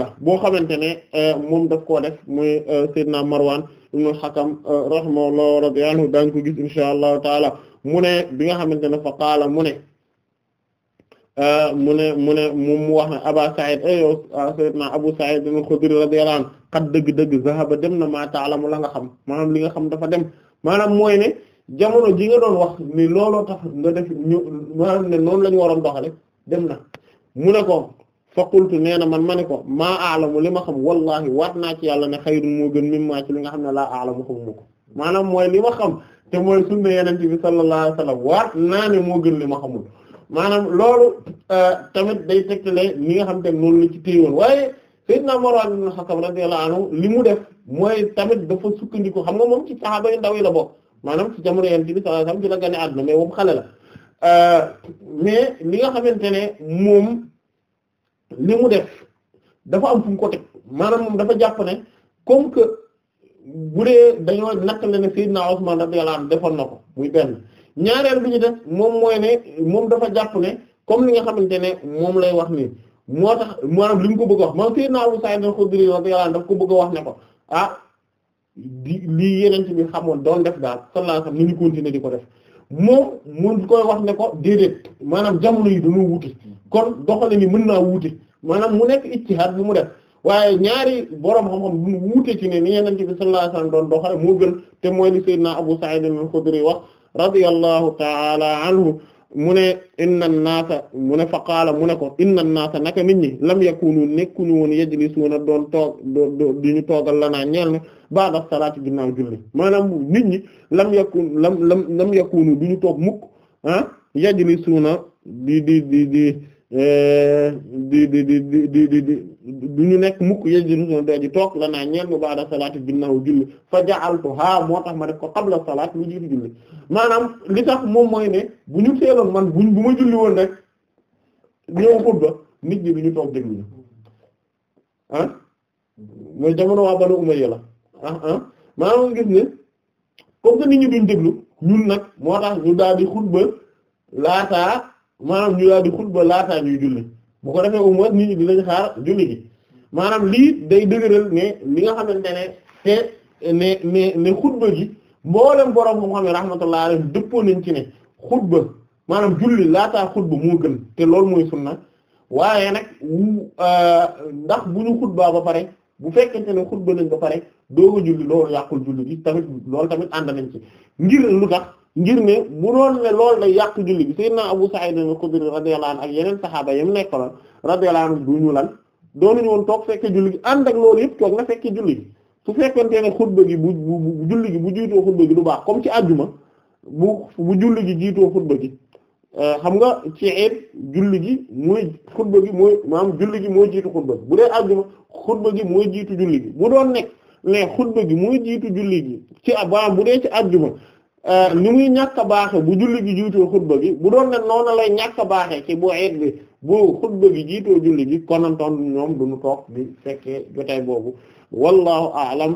la boo xamante ne euh, moom daf koo def muy Seydina Marwan ibn Hakam rahimahullahu radiyallahu anhu daañ ko gis insha allahu taala mu ne bi nga xamante ne fa qaala mu ne Euh, mu ne mu ne mu wax na Aba Saïd ayo eh ah, sayyidna Abu Saïd al-Khudri radiyallahu anhu xat dëgg-dëgg zahaba dem na maa taalamu la nga xam maanaam li nga xam dafa dem maanaam mooy ne jamono ji nga doon wax ni looloo tax nga def ñu maanaam ne noonu la ñu waroon doxale dem na mu ne ko faqultu nee na man ma ne ko maa aalamu li ma xam wallahi waat naa ci yàlla ne xayrun moo gën mim maa ci li nga xam ne laa aalamu xamuma ko maanaam mooy li ma xam te mooy sunna yenente bi sallallahu alayhi waat naa ne moo gën li ma xamul maanaam loolu euh, tamit day tegtale li nga xam te noonu la ci téyewoon waaye sayyidna Marwan ibn Hakam radiyallahu anhu li mu def mooy tamit dafa sukkandiku xam nga moom ci saxaaba yu ndaw yi la bokk maanaam ci jamono yonent bi sallallahu alayhi wasallam ci la gane àdduna mais la euh, mais li nga xamante ne moom li mu dafa am fu mu ko teg maanaam moom dafa jàpp ne comme que bu dee dañoo natt la ne sayyidna Usman radiyallahu anhu defoon na ko muy benn ñaareel bi ñu def moom mooy ne moom dafa jàpp ne comme li nga xamante ne moom lay wax nii moo tax maanaam li mu ko bëgg a wax man Seydina Abu Sa'id al-Khudri radiyallahu anhu daf ko bëgg a ne ko ah di lii yeneen bi xamoon doon def daal sallallahu alayhi wasallam ni ñu continuer di ko def moom mun koy wax ne ko déedéet maanaam jamono yi dañoo wuute kon doxalin yi mën naa wuute maanaam mu nekk ijtihaad bu mu def waaye ñaari borom xam-xam bu mu wuute ci ne ni yeneen bi sallallahu alayhi wasallam doon doxale moo gën te mooy li Seydina Abu Sa'id al-Khudri wax. radiyallahu taala anhu mu ne inna naasa mu ne fa qaala mu ne ko inna naasa naka nit ñi lam yakunu nekkuñu woon yajlisuuna doon toog di ñu toogal lanaa ñeel ne salaati ginnaaw julli maanaam nit ñi lam yakun lam lam lam yakunu du ñu toog mukk ah yajlisuuna di di Euh, di di di di di di du ñu nekk mukk yejjiduson daji toog la naa ñeen mu baada salaati ginnaaw julli fa ja'altuha moo tax ma def ko qabla salaat lu jiitu julli maanaam li tax moom mooy ne bu ñu teeloon man buñ bu ma julli woon rek ñëw xutba nit ñi du ñu toog dégluñu ah? jamono waa Banu Umayya la ah ah maanaam ñun nag moo tax ñu daal di xutba laataa maanaam ñu daal di xutba laataa ñuy julli bu ko defee au moins nit ñi dinañ xaar julli gi maanaam lii day dëgëral ne li nga xamante ne te ne ne ne xutba gi mboolem borom mu xam ne rahmatullah alayhi dëppoo nañ ci ne xutba maanaam julli laataa xutba moo gën te loolu mooy na waaye nag euh, ndax bu ñu xutbaa ba pare bu fekkente ne xutba nañ ba pare dooga julli loolu yàqul julli gi tamit loolu tamit ànd nañ ci ngir lu tax ngir ne bu doon ne lool day yàq julli bi sayyidina Abu Sa'id al-Khudri radiyallahu anhu ak yeneen saxaaba yam nekkaloon radiyallahu anhu duñu lan doonuñu woon toog fekke julli gi ànd ak loolu yëpp toog na fekke julli gi su fekkente ne xutba gi bu bu julli gi bu jiitoo xutba gi du baax comme ci àjjuma bu bu julli gi jiitoo xutba gi euh, xam nga ci eet gi mooy xutba gi mooy maanaam julli gi mooy jiitu xutba gi bu dee àjjuma xutba gi mooy jiitu julli gi bu doon nekk ne xutba gi mooy jiitu julli gi ci ba bu dee ci àjjuma Euh, ni muy ñàkk a baaxe bu julli gi jiitoo xutba gi bu doon ne noonu lay ñàkk baaxe ci bu eet bi bu xutba gi jiitoo julli gi konantoon ñoom duñu toog bi fekkee jotaay boobu wallahu a'lam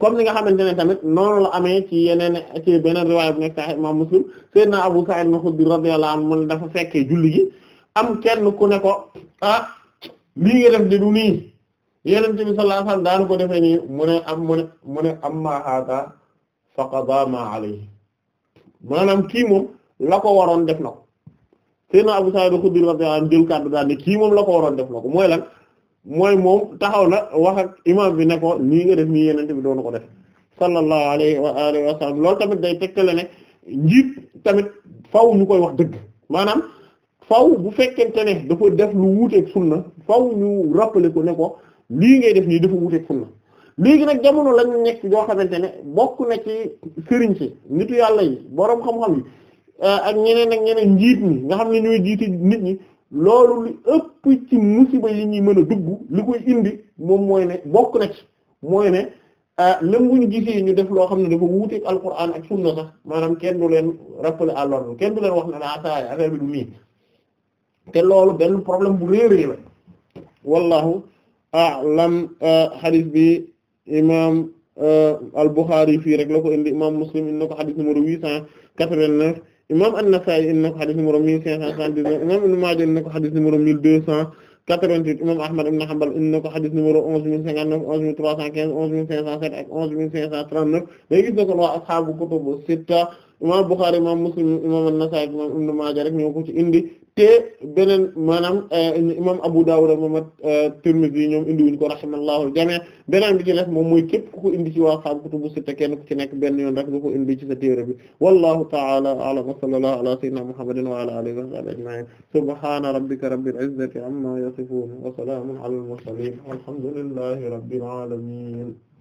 comme ni nga xamante ne tamit noonu la amee ci yeneen ci beneen riwaaya bu nekk Sahih Imam Muslim sayyidina Abu Sa'id al-Khudri radiyallahu anhu man dafa fekkee julli gi am kenn ku ne ko ah lii nga def di du nii Yonent bi sallallahu alayhi wasallam daanu ko defee nii mu ne am mu ne mu ne fa qadaa ma alayhi maanaam kii moom la ko waroon def na ko Seydina Abu Sa'id Khudri bi anhu jël kàddu daal ne kii moom la ko waroon def na ko mooy lan mooy moom taxaw na wax ak imaam bi ne ko nii nga def nii yeneen bi doon ko def sallallahu alayhi wa alihi wa sallam loolu tamit day tekkale ne njiit tamit faw ñu koy wax dëgg maanaam faw bu fekkente ne dafa def lu wuuteeg na faw ñu rappeler ko ne ko lii ngay def nii dafa wuuteeg sunna léegi nag jamono lañu nekk yoo xamante ne bokk na ci sëriñ si nitu yàlla yi boroom xam-xam yi eh, ak ñeneen ak ñeneen njiit nga xam ne ñooy jiiti nit ñi loolu li ëpp ci musiba yi ñuy mën a dugg li koy indi moom mooy ne bokk na ci mooy ne lëm eh, bu ñu gisee ñu def loo xam ne dafa wuuteeg alquran ak sunna sax maanaam kenn du leen rappeler à l'ordre kenn du leen wax na la asaay ah, affaire bi du nii te loolu benn problème bu réerée la wallahu a'lam eh, hadith bi imaam euh, al-Bukhari fii rek la ko indi imaam Muslim indi na ko xadis numéro huit cent quatre-vingt-neuf imaam An-Nasa'i indi ko xadis numéro mille deux cent quatre-vingt-huit imaam Ahmad ibn Hanbal indi ko xadis numéro onze mille cinquante-neuf onze mille trois cent quinze onze mille cinq cent sept onze mille cinq cent trente-neuf day gis na ko waa ashaabu kutubu sitta imam Bukhari imam Muslim imam An-Nasa'i imam Ibn Maaja rek ñoo ko ci indi te beneen maanaam eh, imam Abu Dawud imam eh, Tirmidhi ñoom indi wuñ ko rahimallahu jami' beneen bi ci def moom mooy képp ku ko indi ci waa xam kutubu sitta kenn ku ci nekk benn yoon rek nga ko indi ci sa téere bi wallahu ta'ala a'lam wa sallallahu ala sayyidina Muhammadin wa ala alihi wa sahbihi ajma'in subhana rabbika rabbil izzati amma yasifun wa salamun ala al-mursalin walhamdulillahi rabbil alamin